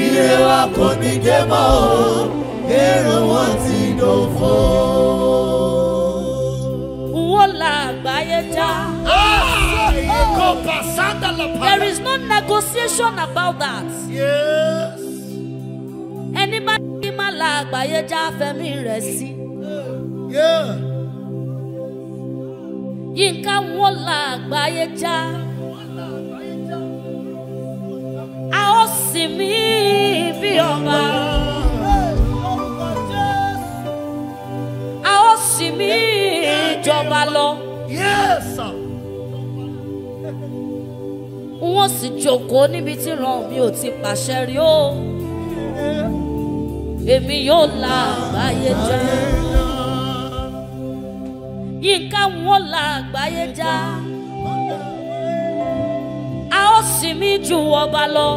ire wa kò ní dé mọ́ o èrò wọn ti dòfo. Wọ́n la àgbáyé já. Ah! Oh, oh. There is no negotiation about that. Yes. Ẹni bá ní má la àgbáyé já fẹ́mi rẹ̀ sí. Yínká wọ́n la àgbáyé já. Yeah. yìn mí bí A ó sì mí jọba lọ. Wọ́n sì jókòó níbi tí ràn mí ò ti pàṣẹ rí o. Èmi yóò la àgbáyé jẹ. Yínká wọn la àgbáyé já. Ja ó sì mí ju ọba lọ.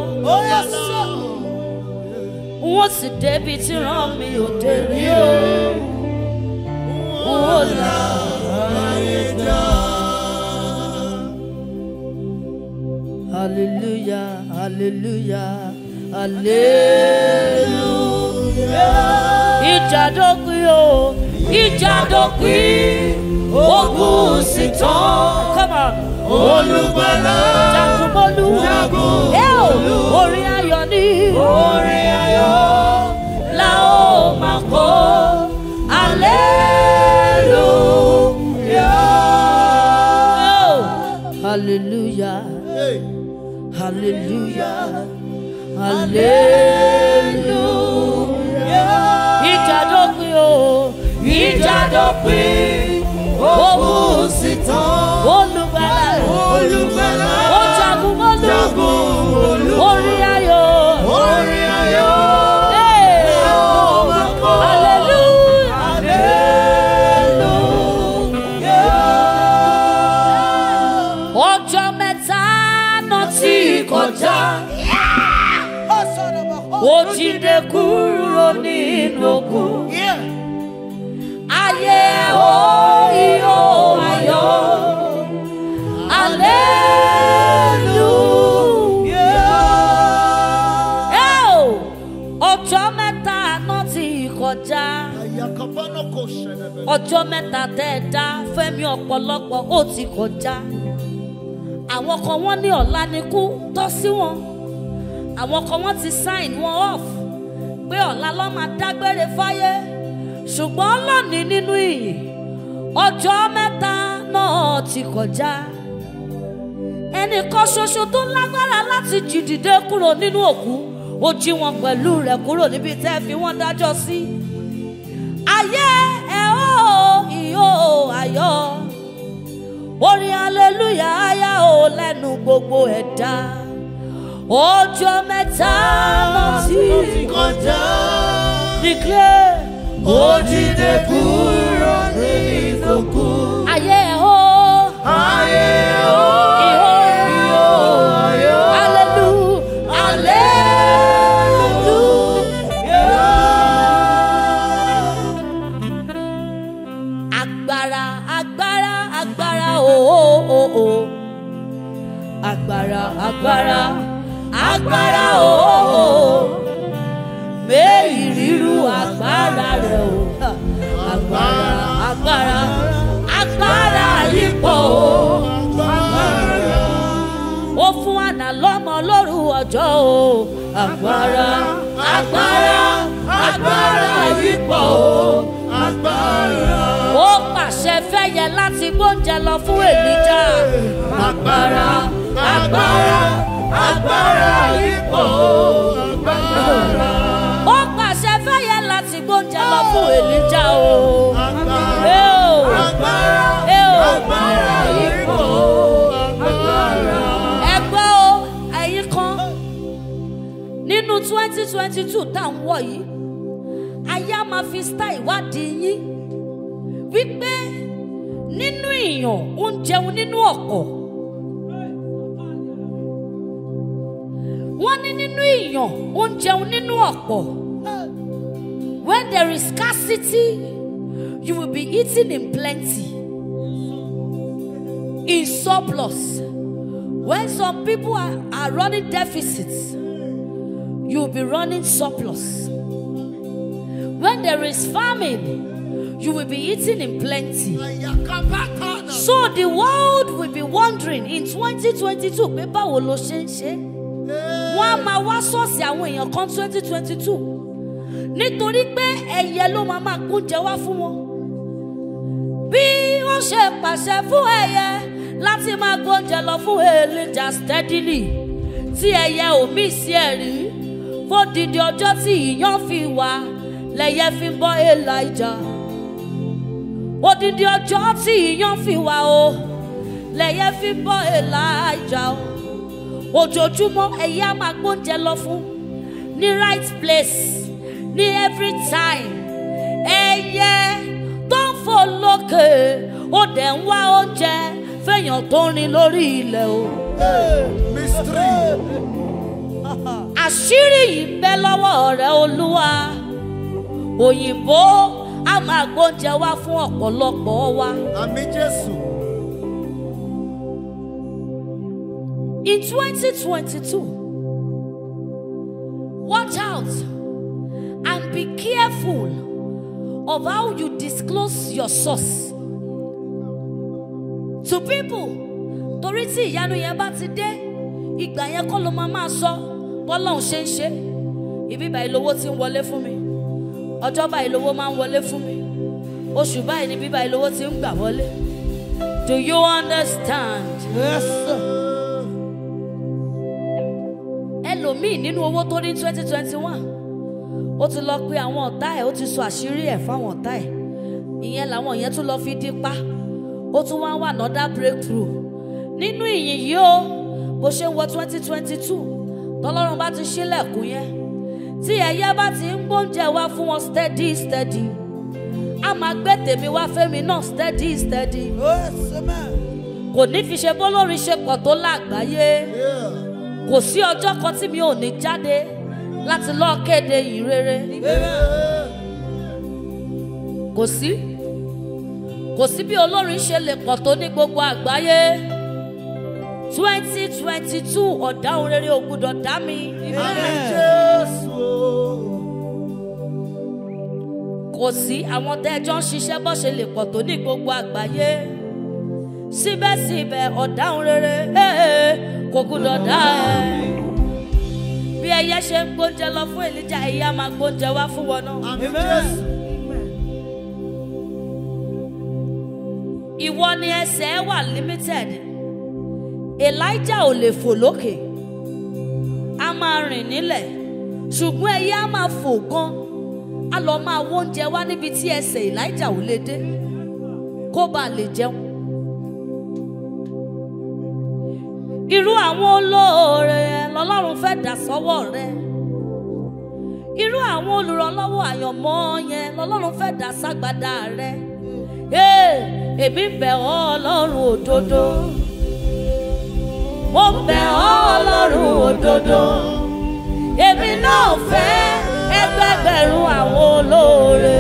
Wọ́n sì débi tí ràn mí ò dé rí o. Wọ́n là ayé dá. Hallelujah, hallelujah, hallelujah. Ìjà dópin o, ìjà dópin, ogun sì tán. Come on olùgbàlà jagunmólú jagun olú orin ayọ̀ ni orin ayọ̀ la ó máa kọ hallelujah hallelujah hallelujah hallelujah ìjà o ìjà dópin ó tán. All you better ọjọ́ mẹ́ta tẹ́ ẹ dá fẹ́mi ọ̀pọ̀lọpọ̀ ó ti kọjá àwọn kan wọ́n ní ọ̀la ni kú tọ́ sí wọn àwọn kan wọ́n ti sign wọn off pé ọ̀la ló máa dágbére fáyé ṣùgbọ́n lónìí nínú ìyìn ọjọ́ mẹ́ta náà ti kọjá ẹnìkan ṣoṣo tó lágbára láti jí dìde kúrò nínú òkú ó jí wọn pẹ̀lú rẹ̀ kúrò níbi tẹ́ fi wọ́n dájọ́ sí ayé ayọ̀ o ayọ̀ orin aleluya ayá o lẹ́nu gbogbo ẹ̀dá ọjọ́ mẹ́ta ló ti kọjá declare ó ní ìtòkù. agbára agbára agbára ooo méyì rírú agbára rẹ o agbára agbára agbára yípo o ó fún àná lọ́mọ lóru ọjọ́ o agbára agbára agbára yípo o agbára. ó pàṣẹ fẹ́yẹ láti gbóúnjẹ lọ fún Èlíjà agbára agbára agbára yípo agbára. ó pàṣẹ fẹ́yẹ láti gbóúnjẹ lọ fún èlíjà o. agbára agbára agbára yípo agbára. ẹgbẹ́ nínú twenty twenty two tá à ń wọ̀ yìí ayé a máa fi star ìwádìí yín wípé nínú ìyàn ó nínú ọ̀kọ̀. wọ́n ní nínú ìyàn oúnjẹ nínú ọ̀pọ̀. When there is scarcity, you will be eating in plenty, in surplus. When some people are, are running deficits, you will be running surplus. When there is famine, you will be eating in plenty. So the world will be wondering in 2022, wọ́n á máa wá ṣọ́ọ̀ṣì àwọn èèyàn kan twenty twenty two nítorí pé ẹyẹ ló máa máa kúnjẹ wá fún wọn bí wọ́n ṣe pàṣẹ fún ẹyẹ láti máa gbóúnjẹ lọ fún elijah steadily tí ẹyẹ ò mí sí ẹ̀rí fódìdí ọjọ́ tí ìyàn fi wà lẹ́yẹ fi bọ́ elijah odidi ọjọ́ tí ìyàn fi wà o lẹ́yẹ fi bọ́ elijah o ojoojúmọ́ ẹ̀yin á máa gbóúnjẹ lọ fún ní right place ní every time ẹyẹ tó ń fò lókè ó dẹ̀ ń wá oúnjẹ fẹ̀yàn tó ń rìn lórí ilẹ̀ o. mystery. àṣírí yìí bẹ lọ́wọ́ rẹ olúwa òyìnbó á máa gbóúnjẹ wá fún ọ̀pọ̀lọpọ̀ wa. àmín jésù. In 2022, watch out and be careful of how you disclose your source to people. Torí tí ìyanu yẹn bá ti dé, ìgbà yẹn kọ́ ló máa máa sọ bọ́lọ́hún ṣe ń ṣe. Ibi báyìí lówó ti ń wọlé fún mi. Ọjọ́ báyìí lówó máa ń wọlé fún mi. Oṣù báyìí ni bíbá ìlówó ti ń gbà wọlé. Do you understand? Yes, sir. ẹlòmíì nínú owó tó ní twenty twenty one ó ti lọ pe àwọn ọ̀tá ẹ̀ ó ti sọ àṣírí ẹ̀ fáwọn ọ̀tá ẹ̀ ìyẹn làwọn yẹn tún lọ fi dí pa ó tún wá wà nọ́dá breakthrough nínú ìyìn yìí o bó ṣe ń wọ twenty twenty two tọ́lọ́run bá ti ṣílẹ̀kùn yẹn tí ẹ̀yẹ bá ti ń gbóúnjẹ wá fún wọn steady steady a máa gbé tèmi wá fẹ́mi náà steady steady kò ní fi ṣe bólórin ṣe pọ̀ tó lágbàáyé. Yeah kò sí ọjọ́ kan tí mi ò ní jáde láti lọ kéde ìrere kò sí kò sí bí olórin ṣe lè pọ̀ tó ní gbogbo àgbáyé twenty twenty two ọ̀dà òrèrè ògùdọ̀ dá mi àmín Jésù kò sí àwọn tẹ́jọ́ ń ṣiṣẹ́ bó ṣe lè pọ̀ tó ní gbogbo àgbáyé síbẹ̀síbẹ̀ ọ̀dà òrèrè kò gbúdọ̀ dá bí ẹyẹ ṣe ń gbóúnjẹ lọ fún èlíjà ìyá máa gbóúnjẹ wá fún wọn náà. ìwọ ni ẹsẹ̀ wà limited elijah ò lè fò lókè a máa rìn nílẹ̀ ṣùgbọ́n ẹyẹ a máa fò gan a lọ máa wóúnjẹ wá níbi tí ẹsẹ̀ elijah ò lè dé kó ba lè jẹun. irú àwọn olóore lọ́lọ́run fẹ́ dà sọ́wọ́ rẹ irú àwọn olùrànlọ́wọ́ àyànmọ́ yẹn lọ́lọ́run fẹ́ dà ságbádá rẹ èmi ń bẹ̀ ọ́ ọlọ́run òdodo mo ń bẹ̀ ọ́ ọlọ́run òdodo èmi náà fẹ́ ẹgbẹgbẹ̀rún àwọn olóore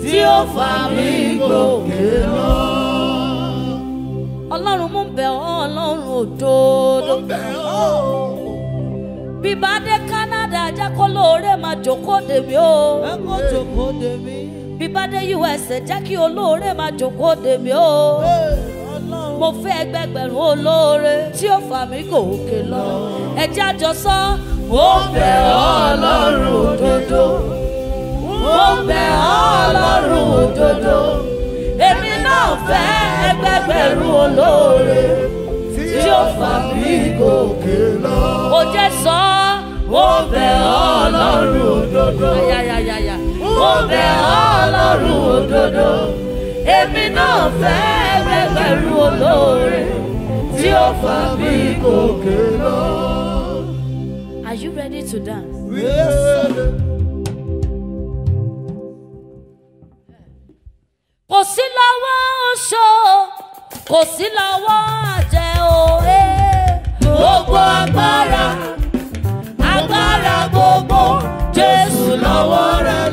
tí ó fà mí gòkè lọ ọlọ́run mú bẹ̀ ọ́ ọlọ́run òdodo. bíbá dé Canada jẹ́ kó lóore máa jókòó dèmí o. ẹ kó jókòó dèmí. bíbá dé USA jẹ́ kí olóore máa jókòó dèmí o. mo fẹ́ ẹgbẹgbẹ̀rún olóore tí ó fà mí gòkè lọ. ẹ àjọ sọ. mo bẹ̀ ọ́ ọlọ́run òdodo. mo bẹ̀ ọ́ ọlọ́run òdodo. èmi ọ̀fẹ́ ẹgbẹgbẹ̀rún olóore tí ó fà bí gòkè lọ. ó jẹ́ sọ mo bẹ̀ ọ́ ọlọ́run òdodo. mo bẹ̀ ọ́ ọlọ́run òdodo. èmi náà fẹ́ ẹgbẹgbẹ̀rún olóore tí ó fà bí gòkè lọ. Are you ready to dance? Yes. Yeah. kò sí lọ́wọ́ oṣó kò sí lọ́wọ́ àjẹ́ òwe. gbogbo agbára agbára gbogbo Jésù lọ́wọ́ rẹ̀.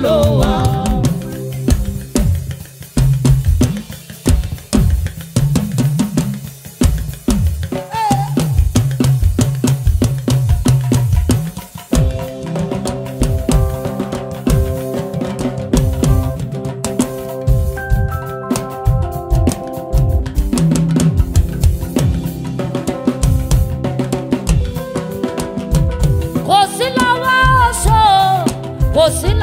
o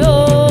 yo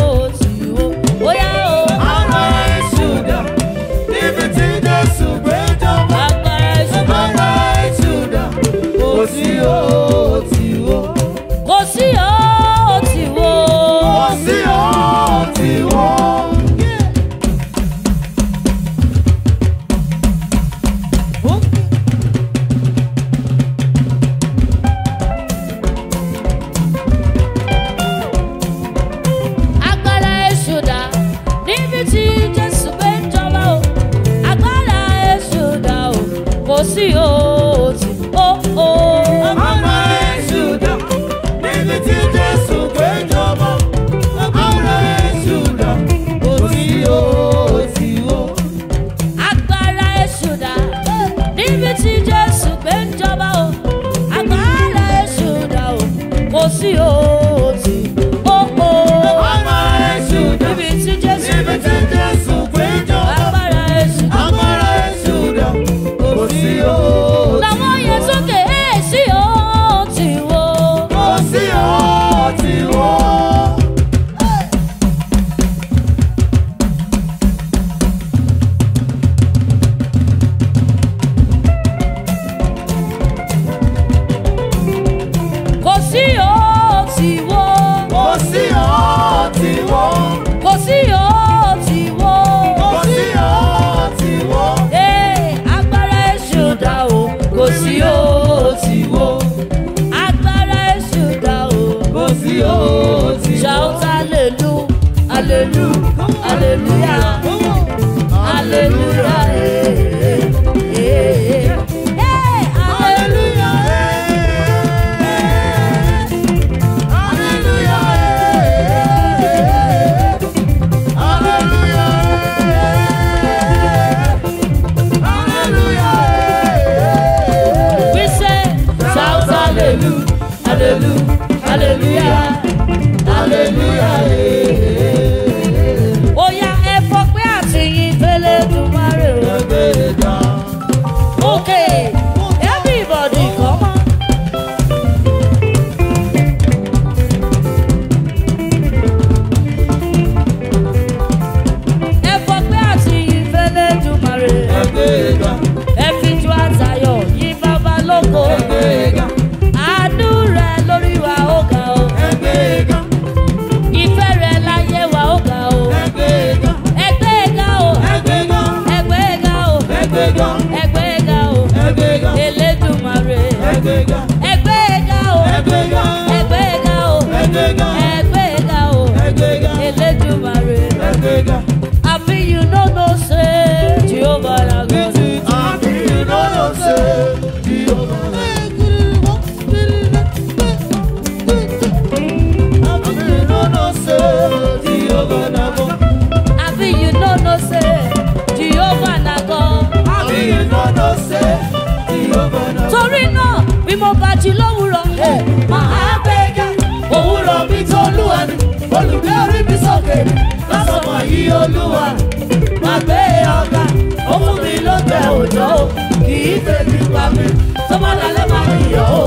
mi tó bá dalẹ́ máa ní ìyọ̀ o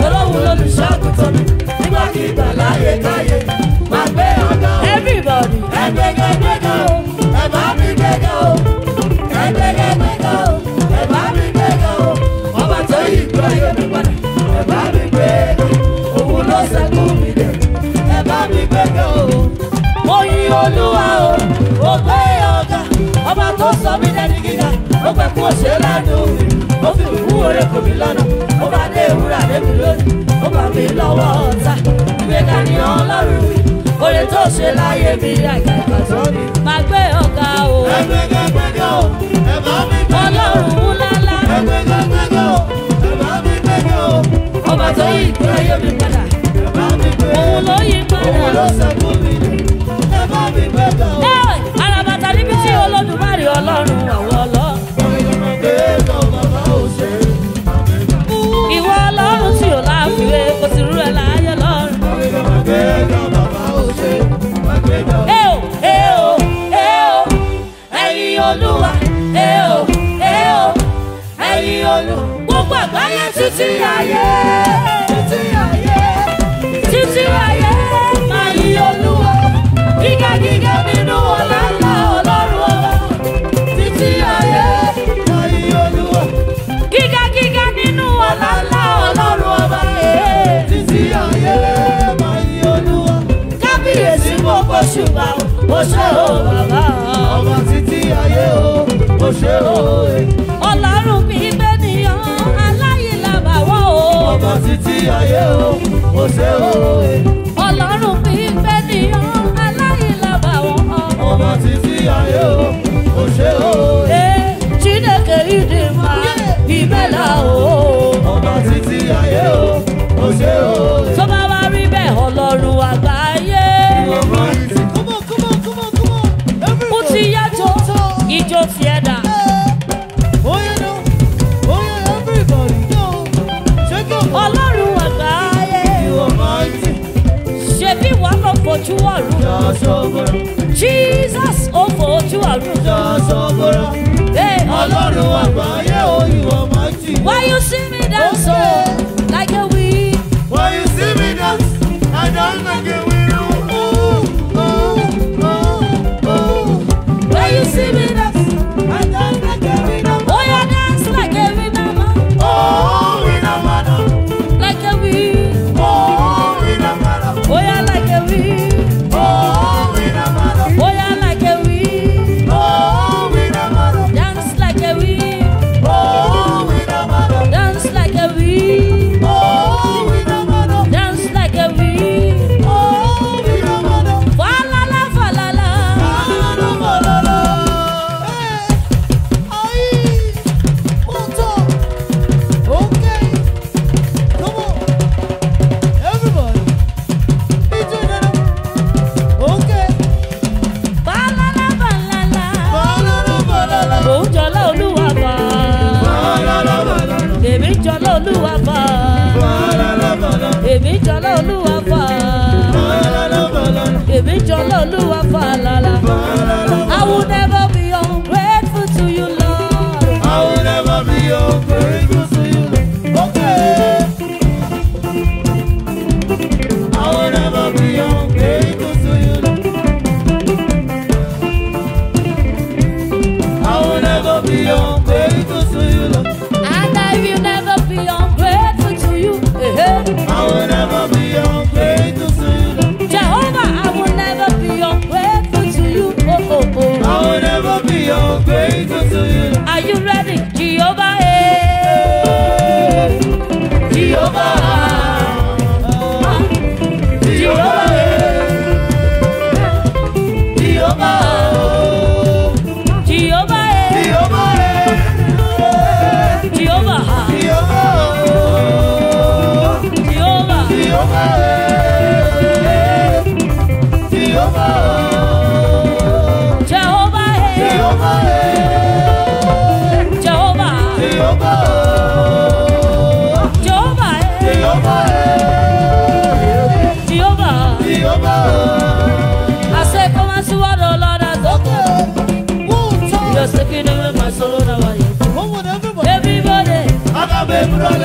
tọ́lọ́hún lólùṣọ́àgùtàn mi nígbàkigbà láyé káyé máa gbé ọ̀gá o. everybody. ẹgbẹ́gẹ́ gbẹ́gẹ́ o ẹ bá mi gbẹ́gẹ́ o ẹgbẹ́gẹ́ gbẹ́gẹ́ o ẹ bá mi gbẹ́gẹ́ o ọba tó yí gbọ́ yé mi padà ẹ bá mi òun ló ṣẹ́kù mi dẹ̀ ẹ mi gbẹ́gẹ́ o. mo yí olúwa o ó gbé ọ̀gá ọba tó sọ mí dání gíga ó pẹ̀kú òṣèlú àdúgbò ó fi wù oore kò mí lọ́nà ó de dé ìwúrà débi lónìí ó bá mi lọ́wọ́ ọ̀tá ìgbéga ni ọlọ́run wí oore tó ṣe láyé mi àgbà ìpàtó mi. má gbé ọ̀gá o. ẹgbẹ́gbẹ́ gbẹ́gbẹ́ o ẹ bá mi gbẹ́gbẹ́ o. ọlọ́run wúlá lá. ẹgbẹ́gbẹ́ gbẹ́gbẹ́ o ẹ bá mi gbẹ́gbẹ́ o. ba tó yí ìgbé ayé mi padà. ẹ bá mi gbé. òun ló yí o, òun ló sẹ́kù mi. ẹ bá mi gbẹ́gbẹ́ o. ẹ àràbàtà níbi tí olódùmarè ọlọ́run àwọn ọlọ́ láyé lọ́rùn. Màgbéga màgbéga bàbá ò ṣe màgbéga. Ẹ o ẹ o ẹ o ẹyin olúwa ẹ o ẹ o ẹyin olúwa. ṣùgbà o ṣé o bàbá ọmọ títí ayé o o ṣé o. ọlọ́run mi gbé nìyàn aláìlábàwọ̀ o. ọmọ títí ayé o o ṣé o. ọlọ́run mi gbé nìyàn aláìlábàwọ̀ o. ọmọ títí ayé o o ṣé o. Chineke ìdí ma ìbẹ́là o. ọmọ títí ayé o o ṣé o. jó fi ẹ̀ dà. ọlọ́run àgbáyé ṣebí wàá lọ fojú ọ̀run Jesus ó fojú ọ̀run ọlọ́run àgbáyé òyìnbó máa jì. Why you see me dance o oh? like a wee? Why you see me dance? I dance like a wee. Oh, oh, Why you see me? àbíjọ lọ́lúwa fàlàlà. fàlàlà.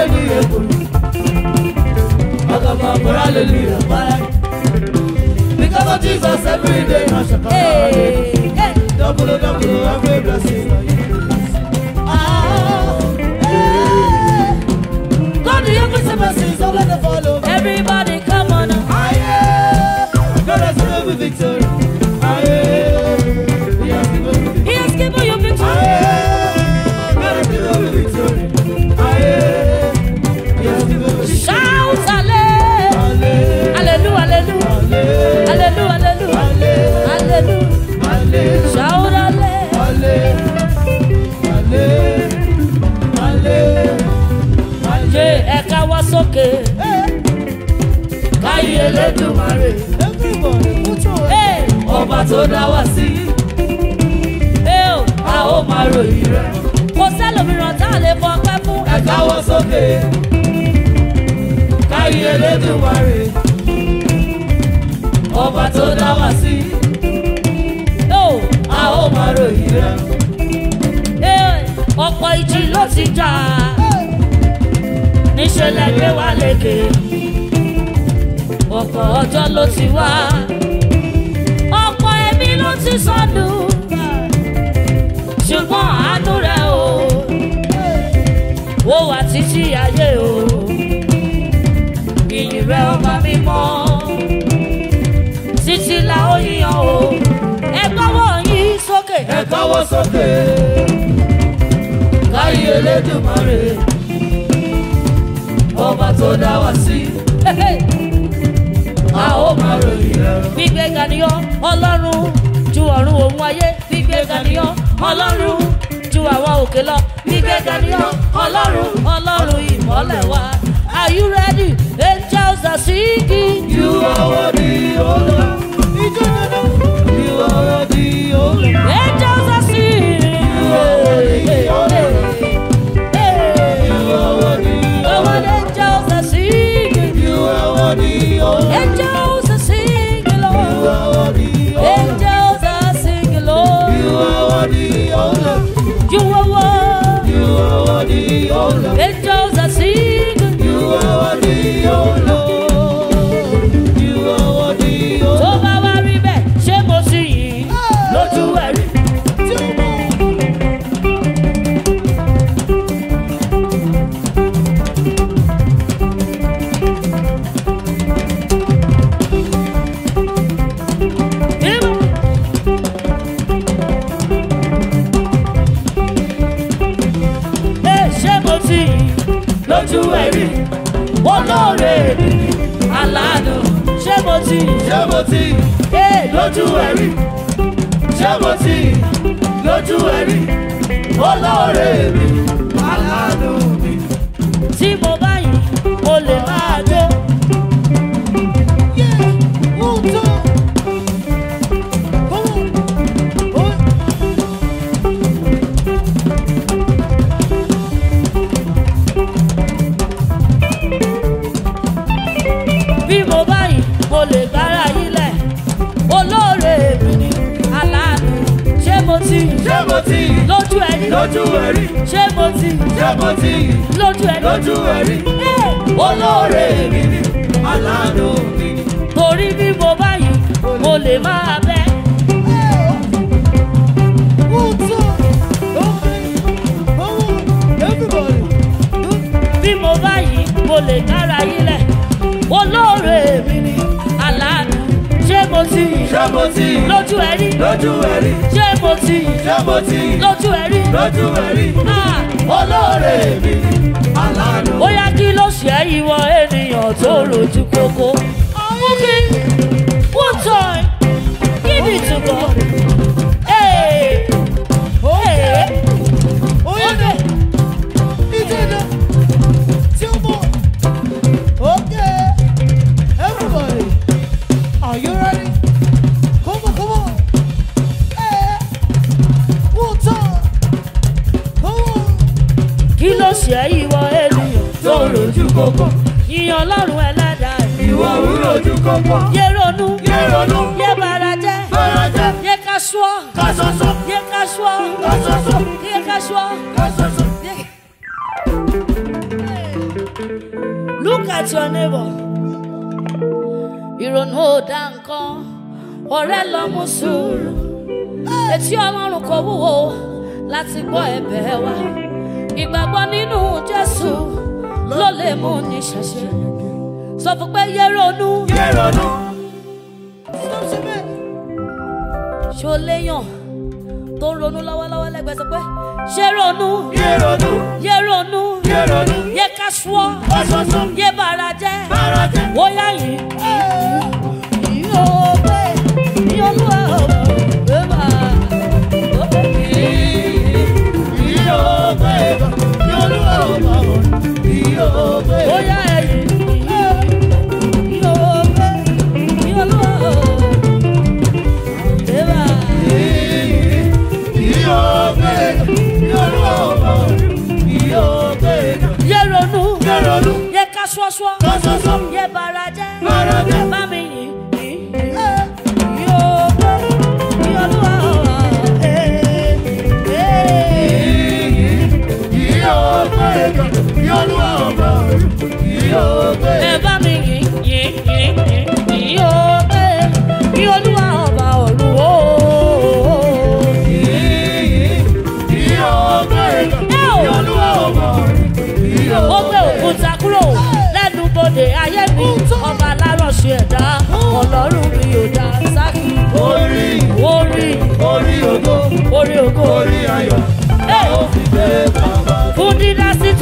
hallelujah kulu agama for hallelujah bye because of jesus every day na shaka Double hey. double double every blessing na you bless ah hey. god you bless me sókè. káyé Elédùmarè ọba tó dá wa sí a ó máa ròyìn rẹ̀. kò sẹ́lòmíràn tá a lè fọpẹ́ fún. ẹ káwọ́ sókè káyé Elédùmarè ọba tó dá wa sí a ó máa ròyìn rẹ̀. ọ̀pọ̀ ìjì ló ti jà níṣẹ́ lẹ gbé wá lékè ọ̀pọ̀ ọjọ́ ló ti wá ọ̀pọ̀ ẹbí ló ti sọnù ṣùgbọ́n àánú rẹ̀ o ó wà títí ayé o ìyìn rẹ̀ ọba mímọ́ títí la ó yíyan o ẹ gbọ́wọ́ yín sókè. ẹ gbọ́wọ́ sókè káyé Elédùmarè ọba tó dá wa sí. a ó máa ròyìn rẹ̀. gbígbé ganiyọ ọlọ́run ju ọ̀run òun ayé gbígbé ganiyọ ọlọ́run ju àwọn òkè lọ gbígbé ganiyọ ọlọ́run ọlọ́run ìmọ́lẹ̀ wa. Are you ready? Angels are singing. You are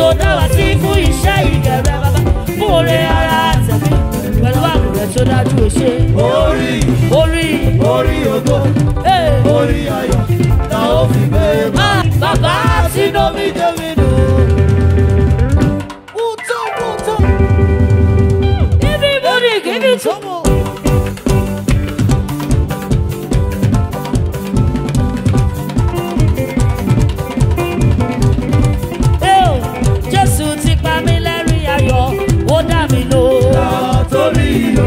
tó dá wa sí fún iṣẹ́ ìdẹ̀rẹ̀ bàbá fún oore ara àtẹ̀mí pẹ̀lú àkùrẹ́ tó dájú òṣè. orí orí orí ògo orí ayọ̀ náà ó fi gbé e ah, bàbá sínú mi dé mi dùn.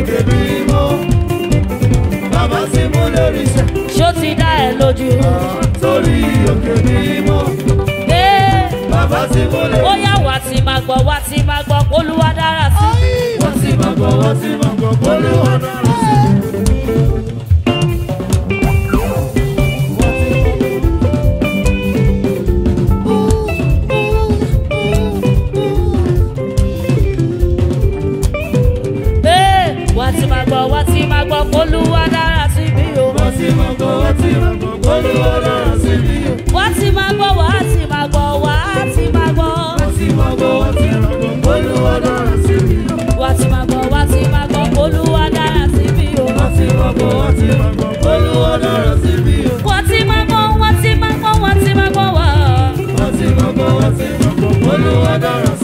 tèmi mọ́ bàbá sí mú lórí sẹ́. ṣó ti dá ẹ lójú. Ah, torí òkè mímọ́. bàbá sí mú lórí sẹ́. máa gbọ́ wá sí máa gbọ́ olúwa dára olúwo rán sí mi. wọ́n ti máa gbọ́ wá ti máa gbọ́ wá ti máa gbọ́. wọ́n ti máa gbọ́ wá ti máa gbọ́ olúwo rán sí mi. wọ́n ti máa gbọ́ wá ti máa gbọ́ olúwa dára sí mi. wọ́n ti máa gbọ́ wá ti máa gbọ́ olúwo dára sí mi. wọ́n ti máa gbọ́ wọ́n ti máa gbọ́ wọ́n ti máa gbọ́ wá. wọ́n ti máa gbọ́ wá ti máa gbọ́ olúwa dára sí mi.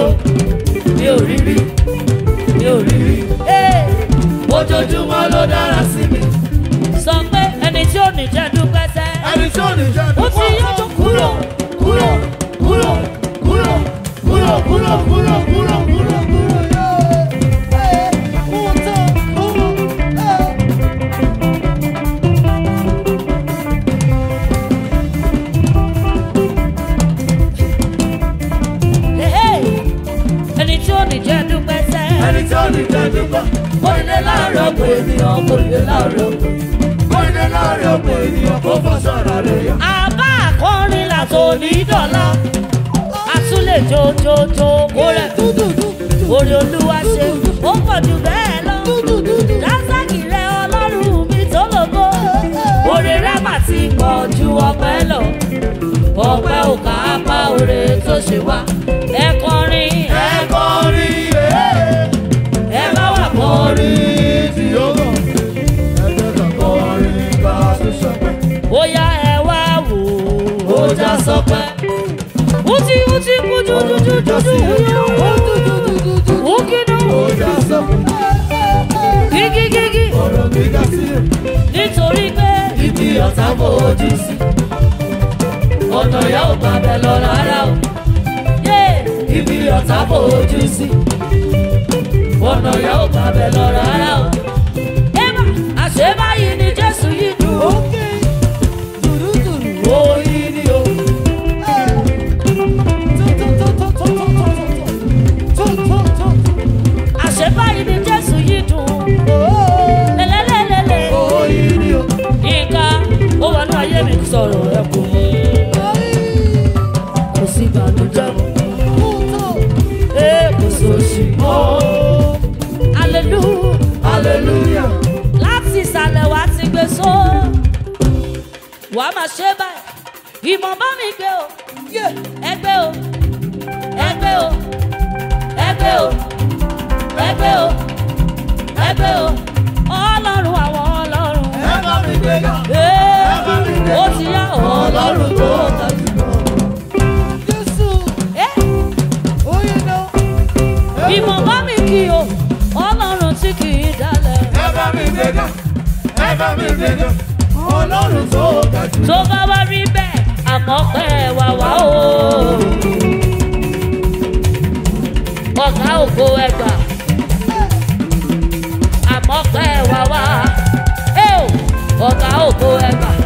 o mi ò rí rí mi ò rí rí ojoojúmọ́ ló dára sí mi. sọ pé ẹni tí ò ní jẹ́ dúpẹ́ sẹ́. ẹni tí ò ní jẹ́ dúpẹ́ sẹ́. ó ti yọjú kúrò kúrò kúrò kúrò kúrò kúrò ènìyàn kò lè láre o àbá àkọrin làtò ní dọ̀la àtúlẹ̀ jojojo orí tútù orí olúwa ṣe ó pọ̀ jù bẹ́ẹ̀ lọ dásàkì rẹ ọlọ́run mi tó lógo orí rámà ti pọ̀ ju ọpẹ́ lọ ọpẹ́ ò ká apá oore tó ṣe wá ẹ kọrin ẹ kọrin ẹ bá wà kọrin. ọjà sọpẹ́. Uti uti kuju juju juju uyo. Ukido ọjà sọpẹ́. Gigi gigi. Ọ̀rọ̀ gíga sí ẹ̀. Nítorí pé ibi ọ̀tá kò ojú sí. Ọ̀nà ìyá ò gbàgbẹ́ lọ rárá o. Ibi ọ̀tá kò ojú sí. Ọ̀nà ìyá ò gbàgbẹ́ lọ rárá o. Ẹ bá àṣẹ báyìí ni Jésù yìí dùn. Ó ké dùrúdùrú. ẹkún hallelujah hallelujah láti ìsàlẹ̀ wá ti gbé só wàá máa ṣe báyìí rẹ̀. ó ti yá o. ọlọ́run tó tọ́jú lọ. jésù ẹ oyè náà. ìmọ̀ bá mi kì o ọlọ́run tí kì í dalẹ̀. ẹ bá mi gbẹ̀gà ẹ bá mi gbẹ̀gà ọlọ́run tó tọ́jú lọ. tó bá wá rí bẹ́ẹ̀ àmọ́ pẹ́ wà wá o. ọ̀gá ògo ẹgbàá àmọ́ pẹ́ wà wá ọ̀gá ògo ẹgbàá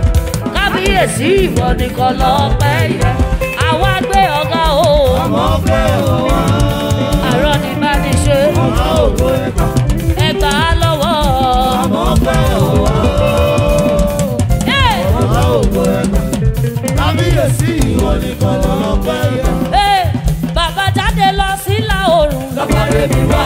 kábíyèsí ìwọ nìkan lọ́pẹ́ yẹ àwa gbé ọ̀gá o ọmọ gbé o wá àrọ́ ni bá ní ṣe ọmọ ògo ẹ̀gbà ẹ̀gbà lọ́wọ́ ọmọ gbé o wá ọmọ ògo ẹ̀gbà kábíyèsí ìwọ nìkan lọ́pẹ́ yẹ. bàbá jáde lọ sílà oòrùn lọ́pàá rẹ̀ mi wá.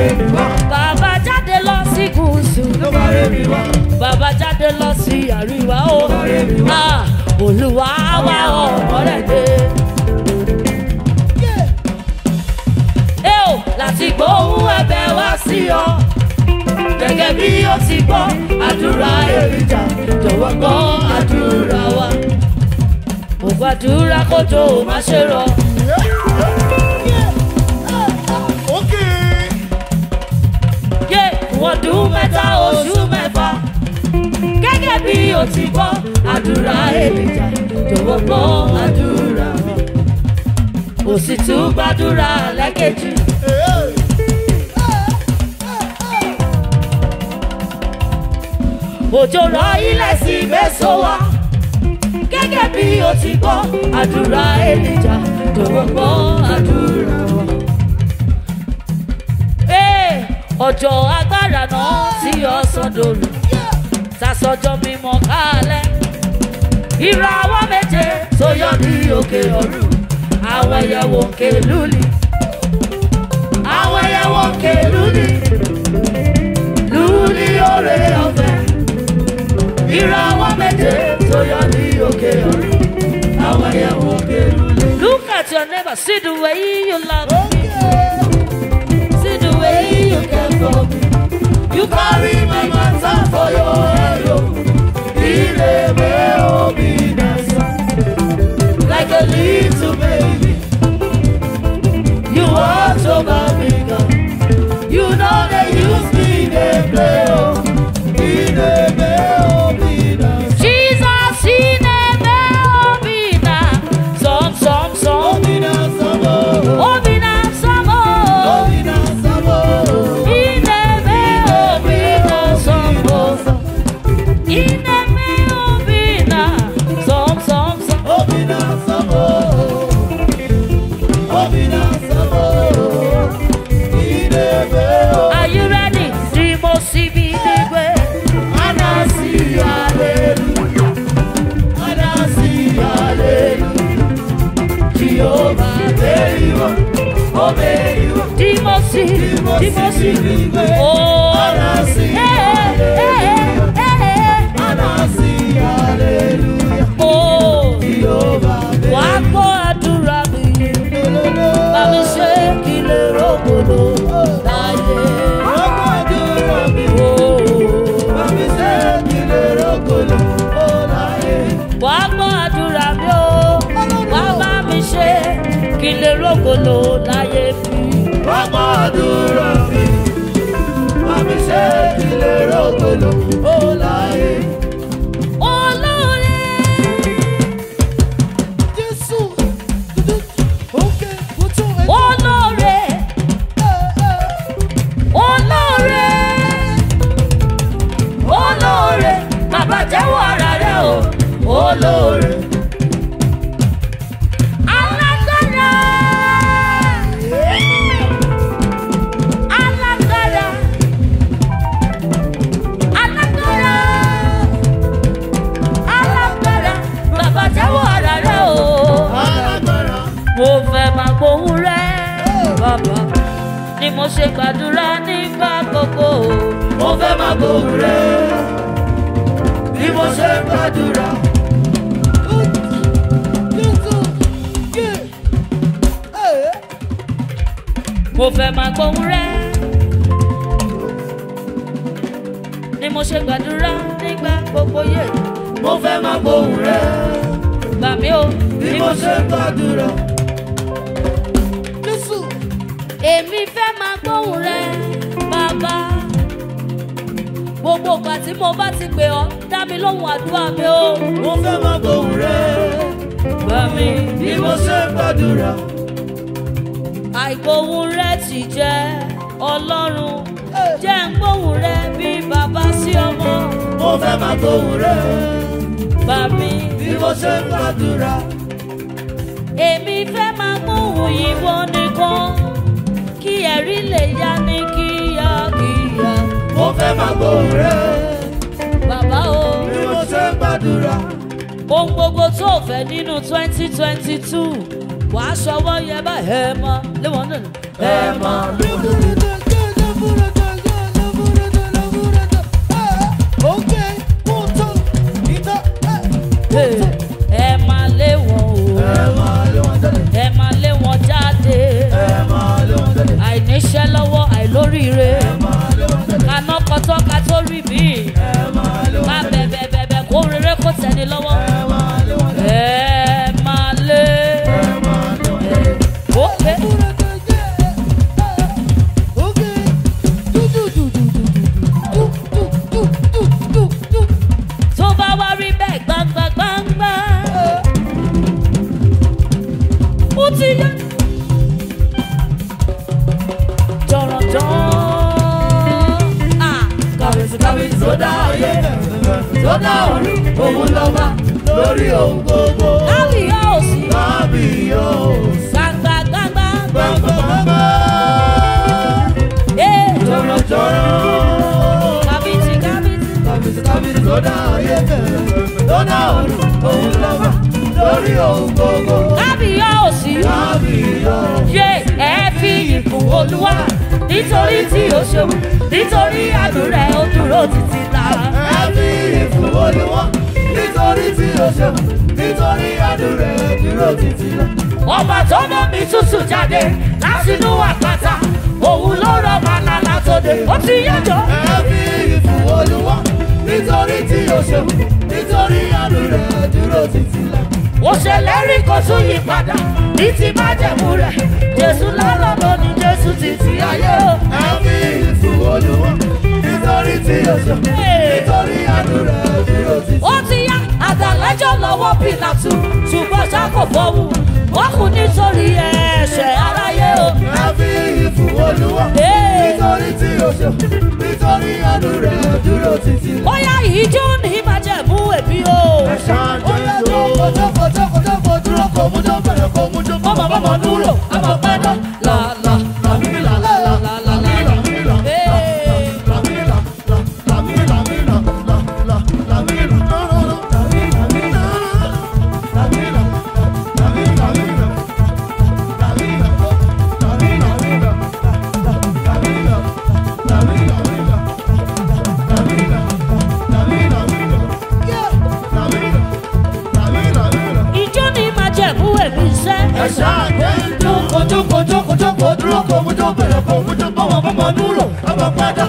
rẹ̀ mi wá. bàbá jáde lọ sí gúúsù. ló bá rẹ̀ mi wá. bàbá jáde lọ sí àríwá o. ló bá rẹ̀ mi wá. olúwa wá ọ̀rọ̀ rẹ̀ dé. ẹ ò láti gbóhùn ẹ̀bẹ̀ wá sí ọ gẹ́gẹ́ bí ó ti gbọ́ àdúrà èrìjà jọ̀wọ́ gbọ́ àdúrà wa. ògbàdúrà kó tó o má ṣe rọ. ọdún mẹ́ta oṣù mẹ́fà gẹ́gẹ́ bí o ti gbọ́ àdúrà èlìjà jọ̀wọ́ gbọ́ àdúrà wọn kò sì tún gbàdúrà lẹ́kẹ̀jì. òjò rọ ilẹ̀ sí gbèsò wa gẹ́gẹ́ bí o ti gbọ́ àdúrà èlìjà jọ̀wọ́ gbọ́ àdúrà wọn. ọjọ́ agbára náà tí ọ̀sán dòlù mímọ́ kálẹ̀ ìràwọ̀ méje tó yọ ní òkè ọ̀run àwọn ẹyẹwò òkè lúlì àwọn ẹyẹwò òkè lúlì lúlì òrè ọ̀fẹ́ ìràwọ̀ méje tó yọ ní òkè ọ̀run àwọn ẹyẹwò òkè lúlì. Look at your neighbor, see the way you love me. See the way you care. you carry my matter for your like a little baby you you know they use me dey play o. obey you. The oh. Anasi, hallelujah. Eh, eh, eh. Anasi, hallelujah. Oh, Jehovah. Wàá gbọ́ àdúrà mi, bàbá ṣé kí lè rókòlò láyé fi. ọmọ dúró fi mami ṣe kí lè rókòlò ó láyé. olóore. jésù òkè kútó rẹ. olóore. mo fẹ́ máa gbóhùn rẹ bí mo ṣe ń gbàdúrà. mo fẹ́ máa gbóhùn rẹ ni mo ṣe gbàdúrà nígbà gbogbo yẹ. mo fẹ́ máa gbóhùn rẹ gbà mí o bí mo ṣe ń gbàdúrà. èmi fẹ́ máa gbóhùn rẹ bàbá gbogbo ìgbà tí mo bá ti pè ọ́ dá mi lóhùn àdúrà mi o. mo fẹ́ máa gbóhùn rẹ bá mi bí mo ṣe gbàdúrà. àìgbóhùn rẹ ti jẹ́ ọlọ́run jẹ́ ń gbóhùn rẹ bí bàbá sí ọmọ. mo fẹ́ máa gbóhùn rẹ bá mi bí mo ṣe gbàdúrà. èmi fẹ́ máa gbóhùn ìwọ nìkan kí ẹ̀rí lè yá ní kí mo fẹ́ máa gbóhùn rẹ. bàbá o mi mo ṣe ń gbàdúrà. ohun gbogbo tó o fẹ́ nínú twenty twenty two wà á ṣọwọ́ yẹ bá ẹ mọ léwọ̀n náà ẹ mọ. ẹ máa lé wọn o ẹ máa lé wọn jáde àìníṣẹ́ lọ́wọ́. tó dá ọ̀run òun lọ́ba lórí ohun gbogbo. lábì yóò sí. lábì yóò sí. gbangba gbangba. gbangba gbangba. jọ̀rọ̀ jọ̀rọ̀. kàbìtì kàbìtì. kàbìtì kàbìtì tó dá ayé bẹ̀rẹ̀ tó dá ọ̀run òun lọ́ba lórí ohun gbogbo. lábì yóò sí. lábì yóò sí. yé ẹ fi ìkùn olúwa nítorí tí o ṣeun nítorí àánú rẹ̀ ó dúró títí la. ẹ fi ìfún Olúwa nítorí tí o ṣeun nítorí àánú rẹ̀ ó dúró títí la. ọba tó mọ́ mi tútù jáde látinú àpáta òun ló rọ màná látòdè ó ti yàtọ̀. ẹ fi ìfún Olúwa nítorí tí o ṣeun nítorí àánú rẹ̀ ó dúró títí la òṣèlérí kò tún yí padà ní ti májẹ̀mú rẹ̀ jésù lọ́lọ́ lónìí jésù ti ti ayé o. ẹ fi ìfún olúwa nítorí tí o sọ nítorí àdúrà tí o ti sọ. ó ti yá àdàlẹ́jọ́ lọ́wọ́ pìlàtù ṣùgbọ́n ṣá kò fọ́wù wọ́n kù nítorí ẹ̀ṣẹ̀ aráyé o. ẹ fi ìfún olúwa nítorí tí o sọ nítorí àdúrà tí o ti sọ. ó yá ìjọ ní májẹ̀mú ẹ̀bí o. ẹ ṣáájú ìjọ. ó yẹ kó kó tó kó tó kó dúró kó mú tó bẹ̀rẹ̀ kó mú tó bọ̀ bọ̀ bọ̀ dúró àmọ̀ pẹ́ náà. ọmọ dúró ọmọ padà.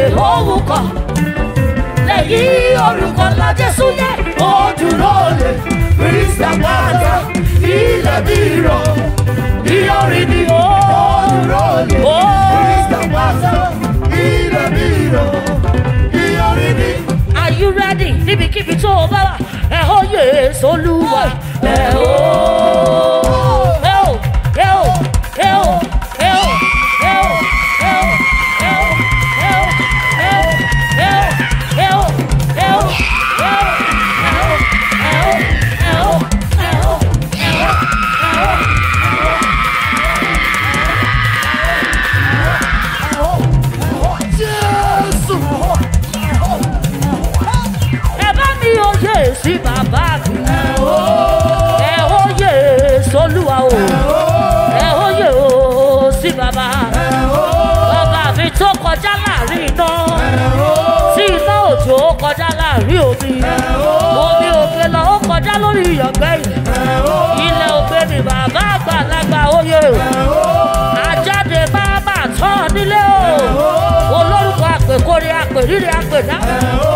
lè lówùkọ lẹ́yìn orúkọ la Jésù yẹ ojúlọ lè Christian ilẹ̀ bí rọ bí orin ni ojúlọ lè Christian ilẹ̀ bí rọ bí orin ni. Are you ready? níbikíbi tó o bá wà ẹ̀ ó yẹ Olúwa ẹ̀ ó. người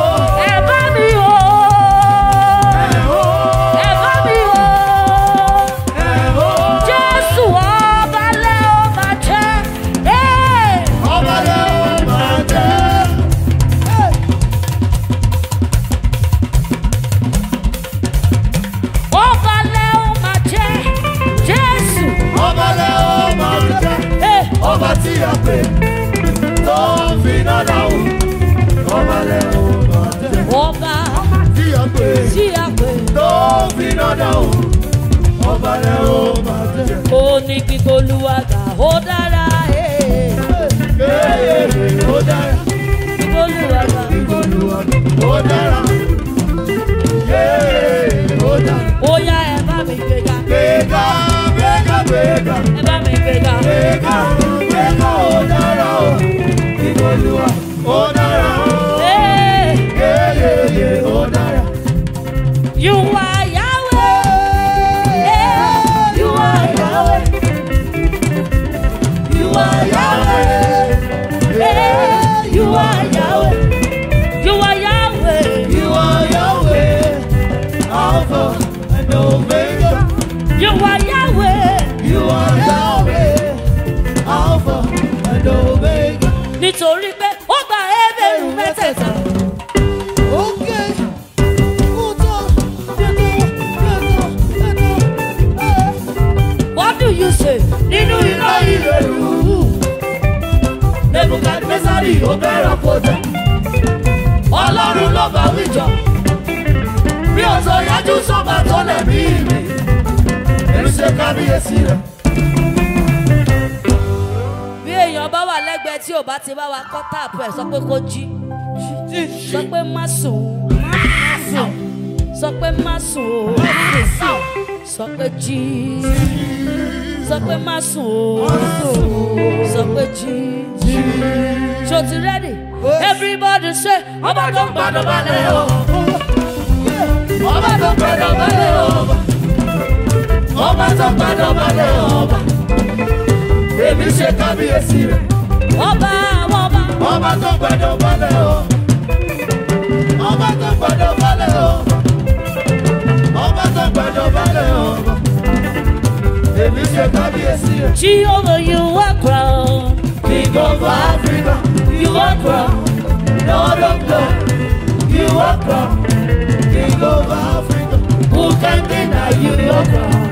lọ́dọ̀ òun ọba rẹ̀ ó máa jẹ. ó ní kíkó lúwàgbà ó dára kéèrè eh. ó dára kíkó lúwàgbà kíkó lúwàgbà ó dára kéèrè ó dára. ó yá ẹ bá mi gbéga. gbéga gbéga gbéga. ẹ bá mi gbéga. gbéga gbéga ó dára ó kíkó eh. ó dára. you are. ó bẹ̀rọ̀ kó tẹ̀. ọlọ́run ló bá wíjọ bí ọ̀sọ̀ yájú sọ́ba tó lẹ̀ mí mi èmi ṣe kábíyèsí rẹ̀. bí èèyàn bá wà lẹ́gbẹ̀ẹ́ tí ò bá ti bá wa kọ́ táàpù ẹ̀ sọ pé kó jí sọ pé má sùn sọ pé má sùn sọ pé jí sọ pé má sùn sọ pé jí ṣó ti rẹ́dì everybody say, ọba tó ń gbọdọ̀ balẹ̀ o ọba tó ń gbọdọ̀ balẹ̀ o a tó ń gbọdọ̀ balẹ̀ o ọba èmi ṣe kábíyèsí rẹ̀ ọba àwọn ọba ọba tó ń gbọdọ̀ balẹ̀ o ọba tó Jehovah you are crowned we go for Africa. You are proud, Lord of God. You are proud, King of Africa. Who can deny you your crown,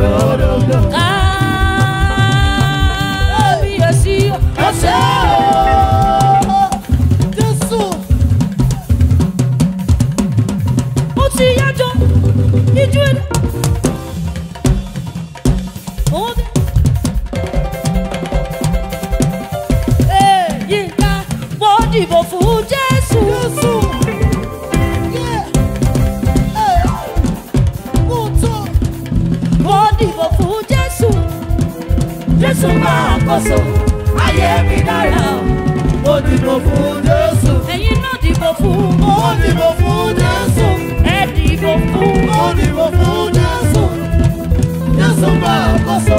Lord of God? Ah, be a sea, a sea. ṣàkóso ayé mi dára o. mo dìbò fún Jésù. ẹ̀yin náà dìbò fún. mo dìbò fún Jésù. ẹ dìbò fún. mo dìbò fún Jésù. Jésù ṣàkóso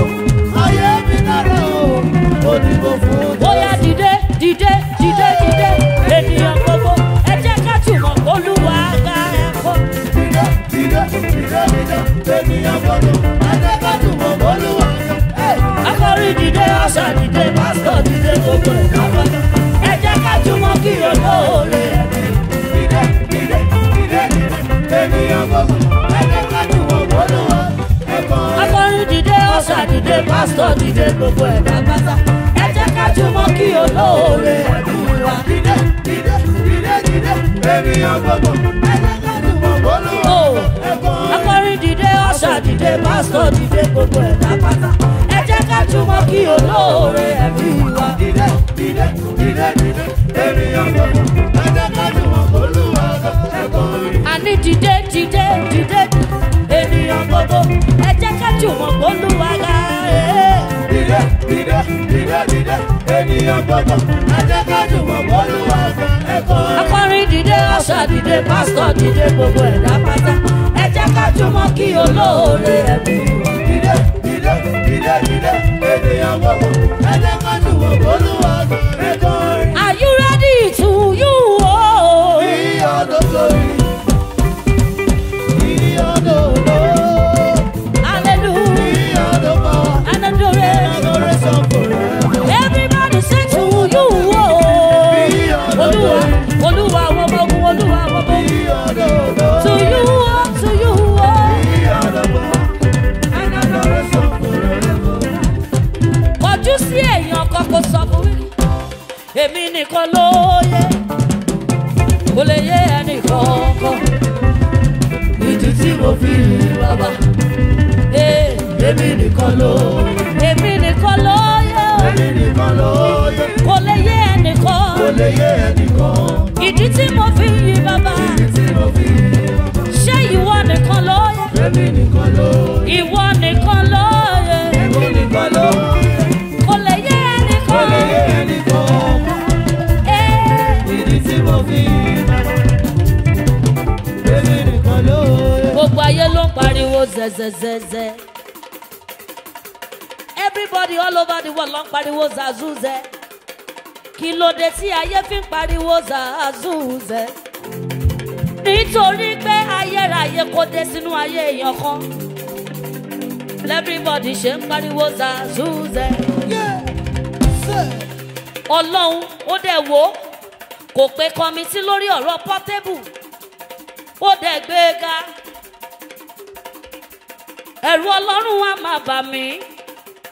ayé mi dára o. mo dìbò fún Jésù. bóyá dìde dìde dìde dìde ènìyàn gbogbo ẹ jẹ́ ká túmọ̀ Olúwa ga ẹ̀kọ́. dìde dìde dìde dìde ènìyàn gbogbo. pásítọ̀ dìde pásítọ̀ dìde gbogbo ẹ̀dá lọ́nà ẹ jẹ́ ká túmọ̀ kí olóore dìde dìde dìde ènìyàn gbogbo ẹ jẹ́ ká túmọ̀ olówó ẹ̀kọ́. akọrin dìde ọ̀sà dìde pásítọ̀ dìde gbogbo ẹ̀dá pátá ẹ jẹ́ ká túmọ̀ kí olóore ìwà dìde dìde dìde dìde ènìyàn gbogbo ẹ jẹ́ ká túmọ̀ olówó oh, ẹ̀kọ́. akọrin dìde ọ̀sà dìde pásítọ̀ dìde gbogbo ẹ̀dá pátá ká túmọ̀ kí olóore ẹ̀mí wa. Dìde dìde dìde dìde ènìyàn gbogbo ẹ jẹ́ ká túmọ̀ olúwa ẹ̀kọ́ orí. Àní dìde dìde dìde ènìyàn gbogbo ẹ jẹ́ ká túmọ̀ olúwa ga. Dìde dìde dìde dìde ènìyàn gbogbo ẹ jẹ́ ká túmọ̀ olúwa ẹ̀kọ́ orí. Akọrin dìde ọ̀ṣà dìde pásítọ̀ dìde gbogbo ẹ̀dá pátá ẹ jẹ́ ká túmọ̀ kí olóore ẹ̀mí wa. Dìde dídá dídá dídá ènìyàn gbogbo ẹjẹ kan tún wò olúwa sórí. Are you ready to you? Bí ọdún sórí. nìkan ló yẹ kò lè yé ẹnìkan eh, kan ìdí tí mo fi bàbá èmi nìkan ló yẹ èmi nìkan ló yẹ èmi nìkan ló yẹ kò lè yé ẹnìkan kò lè yé ẹnìkan ìdí tí mo fi yí bàbá ìdí tí mo fi yí bàbá ṣé ìwọ nìkan ló yẹ èmi nìkan ló yẹ ìwọ nìkan ló yẹ. go zezezeze. Everybody all over the world ló ń pariwo zazuze. Kí ló dé tí ayé fi ń pariwo zazuze? Nítorí pé ayérayé kò dé sínú ayé èèyàn kan. Everybody ṣe ń pariwo zazuze. Ọlọ́run ó dẹ̀ wò ó kò pe kọmitì lórí ọ̀rọ̀ Portable ó dẹ̀ gbé ga ẹ̀rù ọlọ́run wa máa bà mí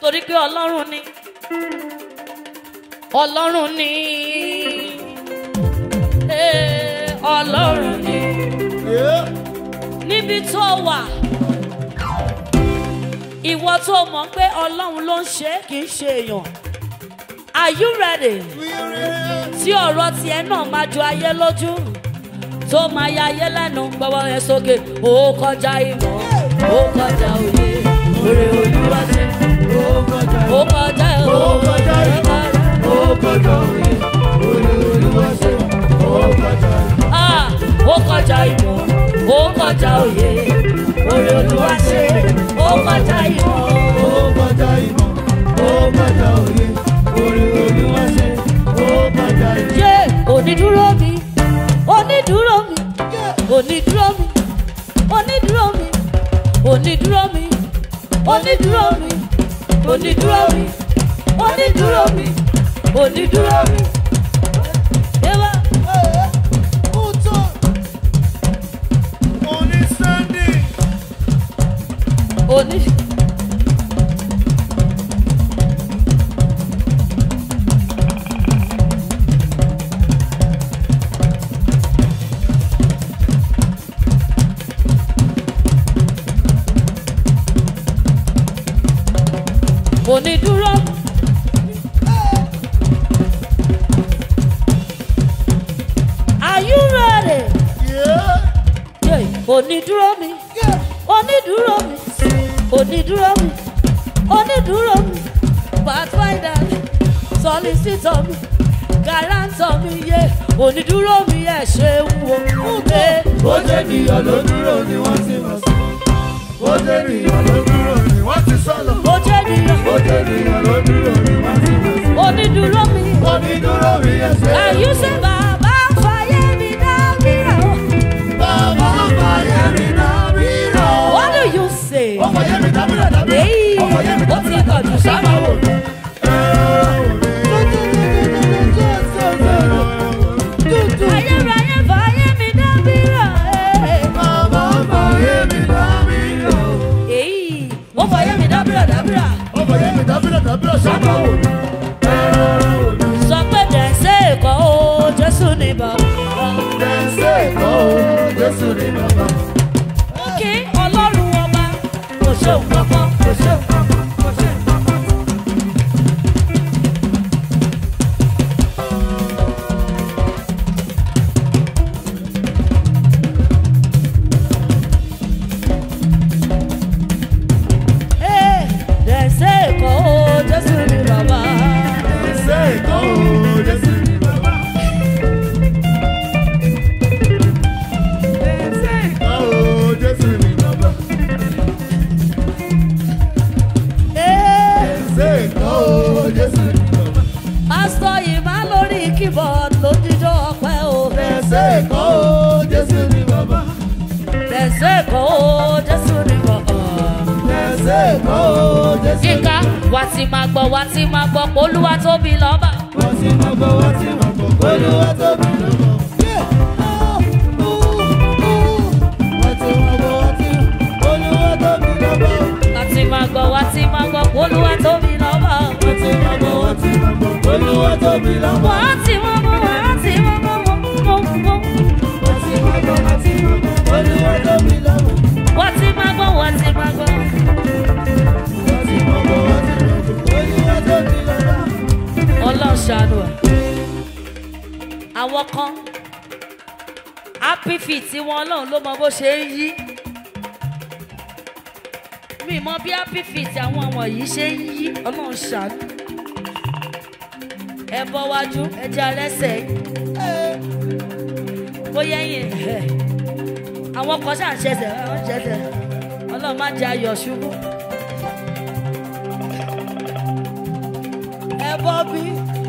torí pé ọlọ́run ni ọlọ́run ni eh, ọlọ́run ni níbi tó wà ìwọ tó mọ̀ pé ọlọ́run ló ń ṣe kì í ṣe èèyàn are you ready tí ọ̀rọ̀ tiẹ̀ náà máa ju ayé lójú tó máa ya ayé lẹ́nu gbọ́wọ́ ẹ sókè ó kọjá ìmọ̀ ó kọjá òye òrè olúwa ṣe ó kọjá ó kọjá ó kọjá ìmọ̀ ó kọjá òye òrè olúwa ṣe ó kọjá ìmọ̀ ó kọjá ìmọ̀ ó kọjá òye òrè olúwa ṣe ó kọjá ìmọ̀ ó kọjá ìmọ̀ mi onídúró mi mi onídúró mi onídúró mi onídúró mi onídúró mi onídúró mi. Ewa. Oni Sunday. Oni. bẹ́ẹ̀ ṣe wò ó gbé. ó jẹ́ nìyàn ló dúró ni wọ́n ti mọ̀ sí. ó jẹ́ nìyàn ló ni wọ́n ti sọ̀lọ̀. ó jẹ́ nìyàn. ó ni wọ́n ti mọ̀ sí. onídùúró mi. onídùúró mi ẹsẹ̀. ẹ̀yú ṣe bàbá fàyè mi dábìrà. bàbá fàyè mi dábìrà. what do you say? ọkọ̀ yẹ́ mi dábìrà dábìrà. ọkọ̀ yẹ́ mi dábìrà ó ti kọ̀jú sábà wò ọ̀nà bí òṣàkó wò ní. sọ pé dẹ̀nsẹ̀ èkó o oh, Jésù ni bàbá. dẹ̀nsẹ̀ ti máa gbọ́ wá ti máa gbọ́ polúwa tóbi lọ́ba. wá ti máa gbọ́ wá ti máa gbọ́ polúwa tóbi lọ́ba. máa gbọ́ wá tí máa gbọ́ olúwa tóbi lọ́ba. wá tí máa gbọ́ wá tí máa gbọ́ olúwa tóbi lọ́ba. wá tí máa gbọ́ wá tí máa gbọ́ mọ́ mọ́. wá tí máa gbọ́ wá tí máa gbọ́ olúwa tóbi lọ́ba. wá tí máa gbọ́ wá tí máa gbọ́. ọlọ́run ṣàánú ẹ̀. àwọn kan happy feet wọn ọlọ́run ló mọ bó ṣe ń yí mi mọ bí happy feet àwọn àwọn yìí ṣe ń yí ọlọ́run ṣàánú. ẹ bọ́ wájú ẹ jẹ́ alẹ́sẹ̀ bóyá yẹn àwọn kan ṣàṣẹṣẹ ọlọ́run má jẹ́ ayọ̀ ṣubú.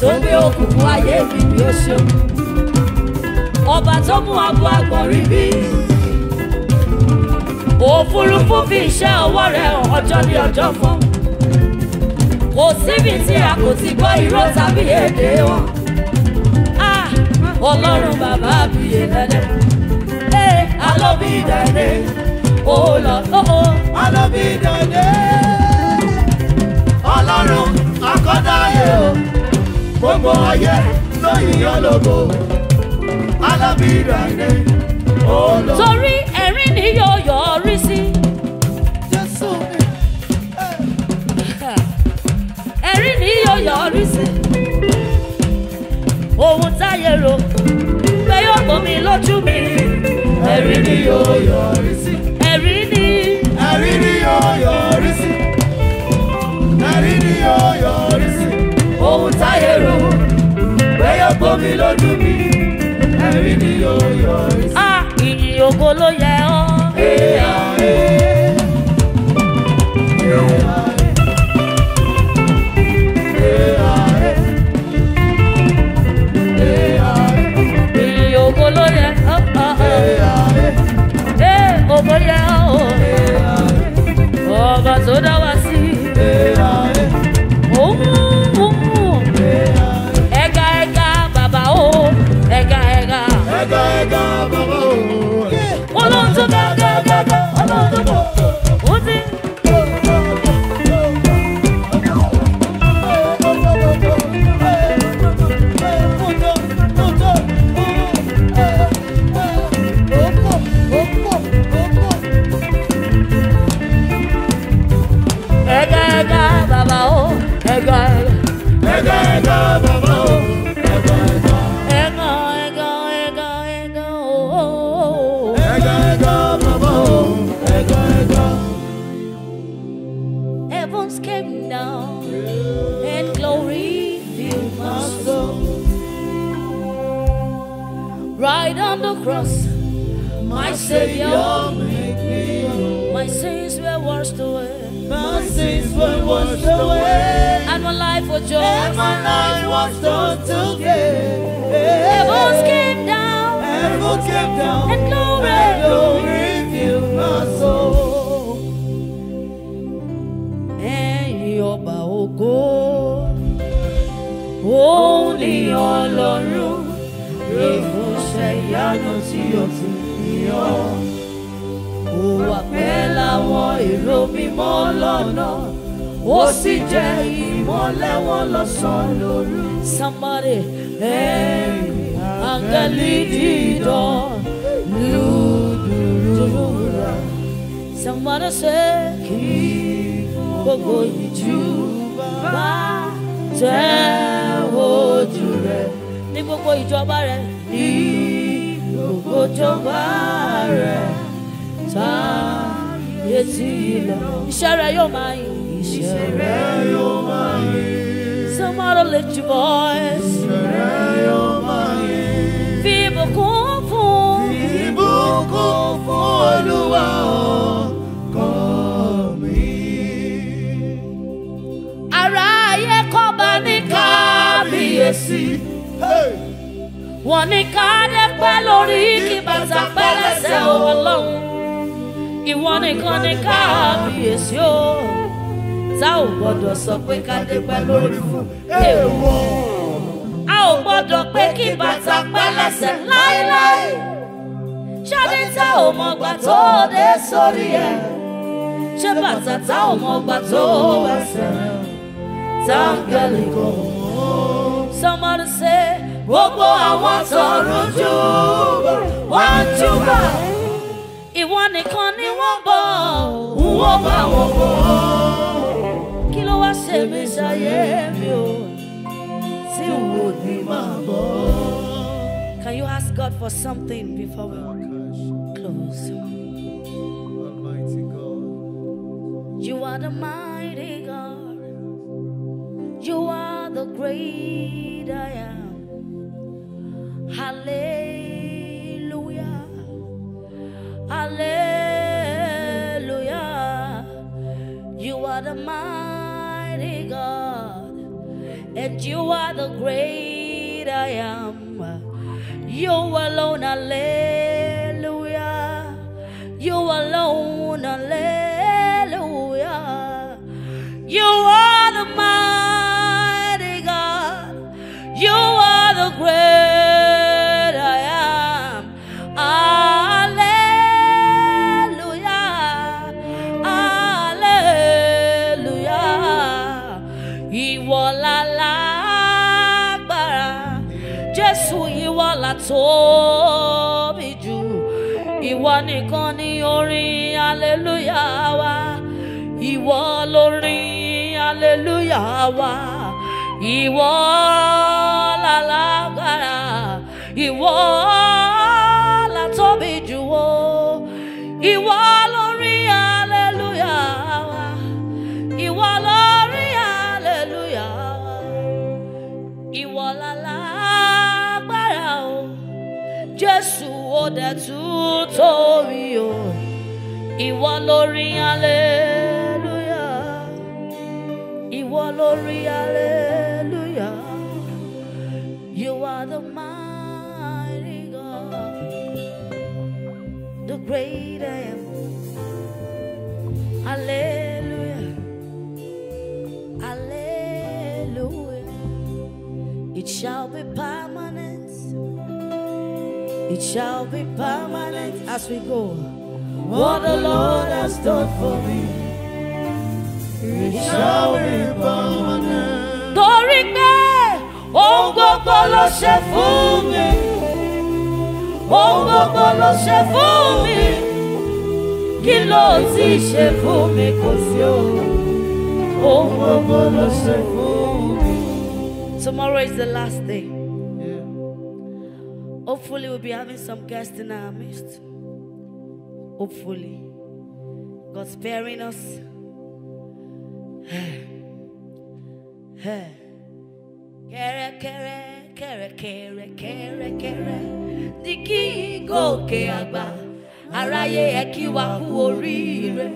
sóde òkùnkùn ayé mi bí ó ṣeun ọba tó mú abo àgbọ̀nrín bí òfurufú fi iṣẹ́ ọwọ́ rẹ̀ ọjọ́ ní ọjọ́ fún kò síbi tí a kò ti gbọ́ irọ́ tàbí èdè wọn ah, ọlọ́run bàbá àbíyè lẹ́lẹ́ eh, alóbi ìdàdé òòlọ́ tóó alóbi ìdàdé ọlọ́run akọ́dáyé o gbogbo ayé ló yíyan lógo alábìrà ni olóòtú. torí ẹ̀rín ni yóò yọrí sí. jésù mi. ẹ̀rín ni yóò yọrí sí. ohun táyé rò pé yóò gbomi lójú mi. ẹ̀rín ni yóò yọrí sí. ẹ̀rín ni. ẹ̀rín ni yóò yọrí sí. ẹ̀rín ni yóò yọrí sí sáyé ru pé yóò gbomi lójú mi ẹ̀rí ni yóò yọrí sí. ìyìn ògo ló yẹ ọ́. ìyìn ògo ló yẹ ọ́. ògo yẹ am. You alone, hallelujah. You alone, hallelujah. wa ìwọ lálágbára ìwọ látóbi jù o ìwọ lórí aleluya wa ìwọ lórí aleluya wa ìwọ lálágbára Jésù ó dẹ̀ tún tóbi o ìwọ glory, hallelujah. You are the mighty God, the great I am. Hallelujah, hallelujah. It shall be permanent. It shall be permanent as we go. What the Lord has done for me torí pé ohun gbogbo ló ṣe fún mi ohun gbogbo ló ṣe fún mi kí ló ti ṣe fún mi kò sí ohun gbogbo ló ṣe fún mi. Tomorrow is the last day. Hopefully, we'll be having some guests in our midst. Hopefully, God's sparing us. Kẹrẹ kẹrẹ kẹrẹ kẹrẹ kẹrẹ kẹrẹ ní kí gòkè àgbà aráyé ẹ kí wa kú oríire.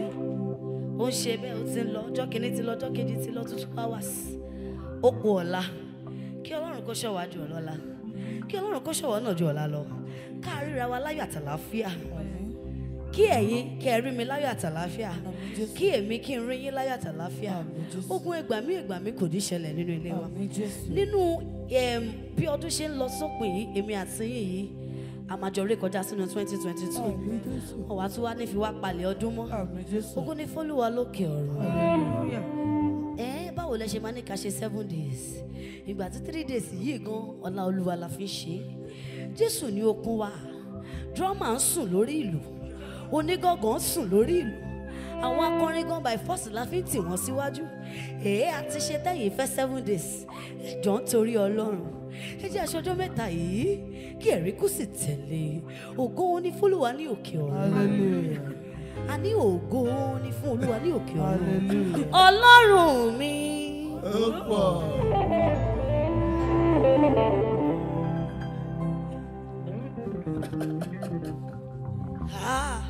Ó ń ṣe bẹ́ẹ̀ ó ti ń lọ ọjọ́ kìíní ti lọ ọjọ́ kejì ti lọ tuntun hours. Ó kù ọ̀la kí Ọlọ́run kó ṣọ́ wa ọ̀la kí Ọlọ́run kó ṣọ́ náà ju ọ̀la lọ káàárẹ̀ ra wa láyọ̀ àtàlàáfíà kí ẹ̀yin kẹ́ ẹ rí mi láyọ̀ àtàláfíà kí èmi kí n rí yín láyọ̀ àtàláfíà ogun ìgbà mi ìgbà mi kò ní ṣẹlẹ̀ nínú ilé wa nínú bí ọdún ṣe ń lọ sópin yìí èmi àti yín yìí àmàjọ ré kọjá sínú twenty ọ̀wá tí wàá ní fi wá palẹ̀ ọdún mọ́ ogun ní fọ́lùwà lókè ọ̀run ẹ báwo lẹ ṣe máa ní ká ṣe seven days ìgbà tí three days yìí gan ọlá olúwa la fi ṣe jésù ní okun wa drama ń sùn lórí ìlú onígangan sùn lórí ìlú àwọn akọrin gan by force la fi tì wọ́n síwájú èé àti ṣe tẹ̀yìn fẹ́ seven days ẹ̀jọ̀ ń torí ọlọ́run ẹ jẹ́ aṣọjọ́ mẹ́ta yìí kí ẹ̀rí sì tẹ̀lé ògo ni fúlùwà ní òkè ọ̀run a ní ògo ni fún ní òkè ọ̀run ọlọ́run mi. ah.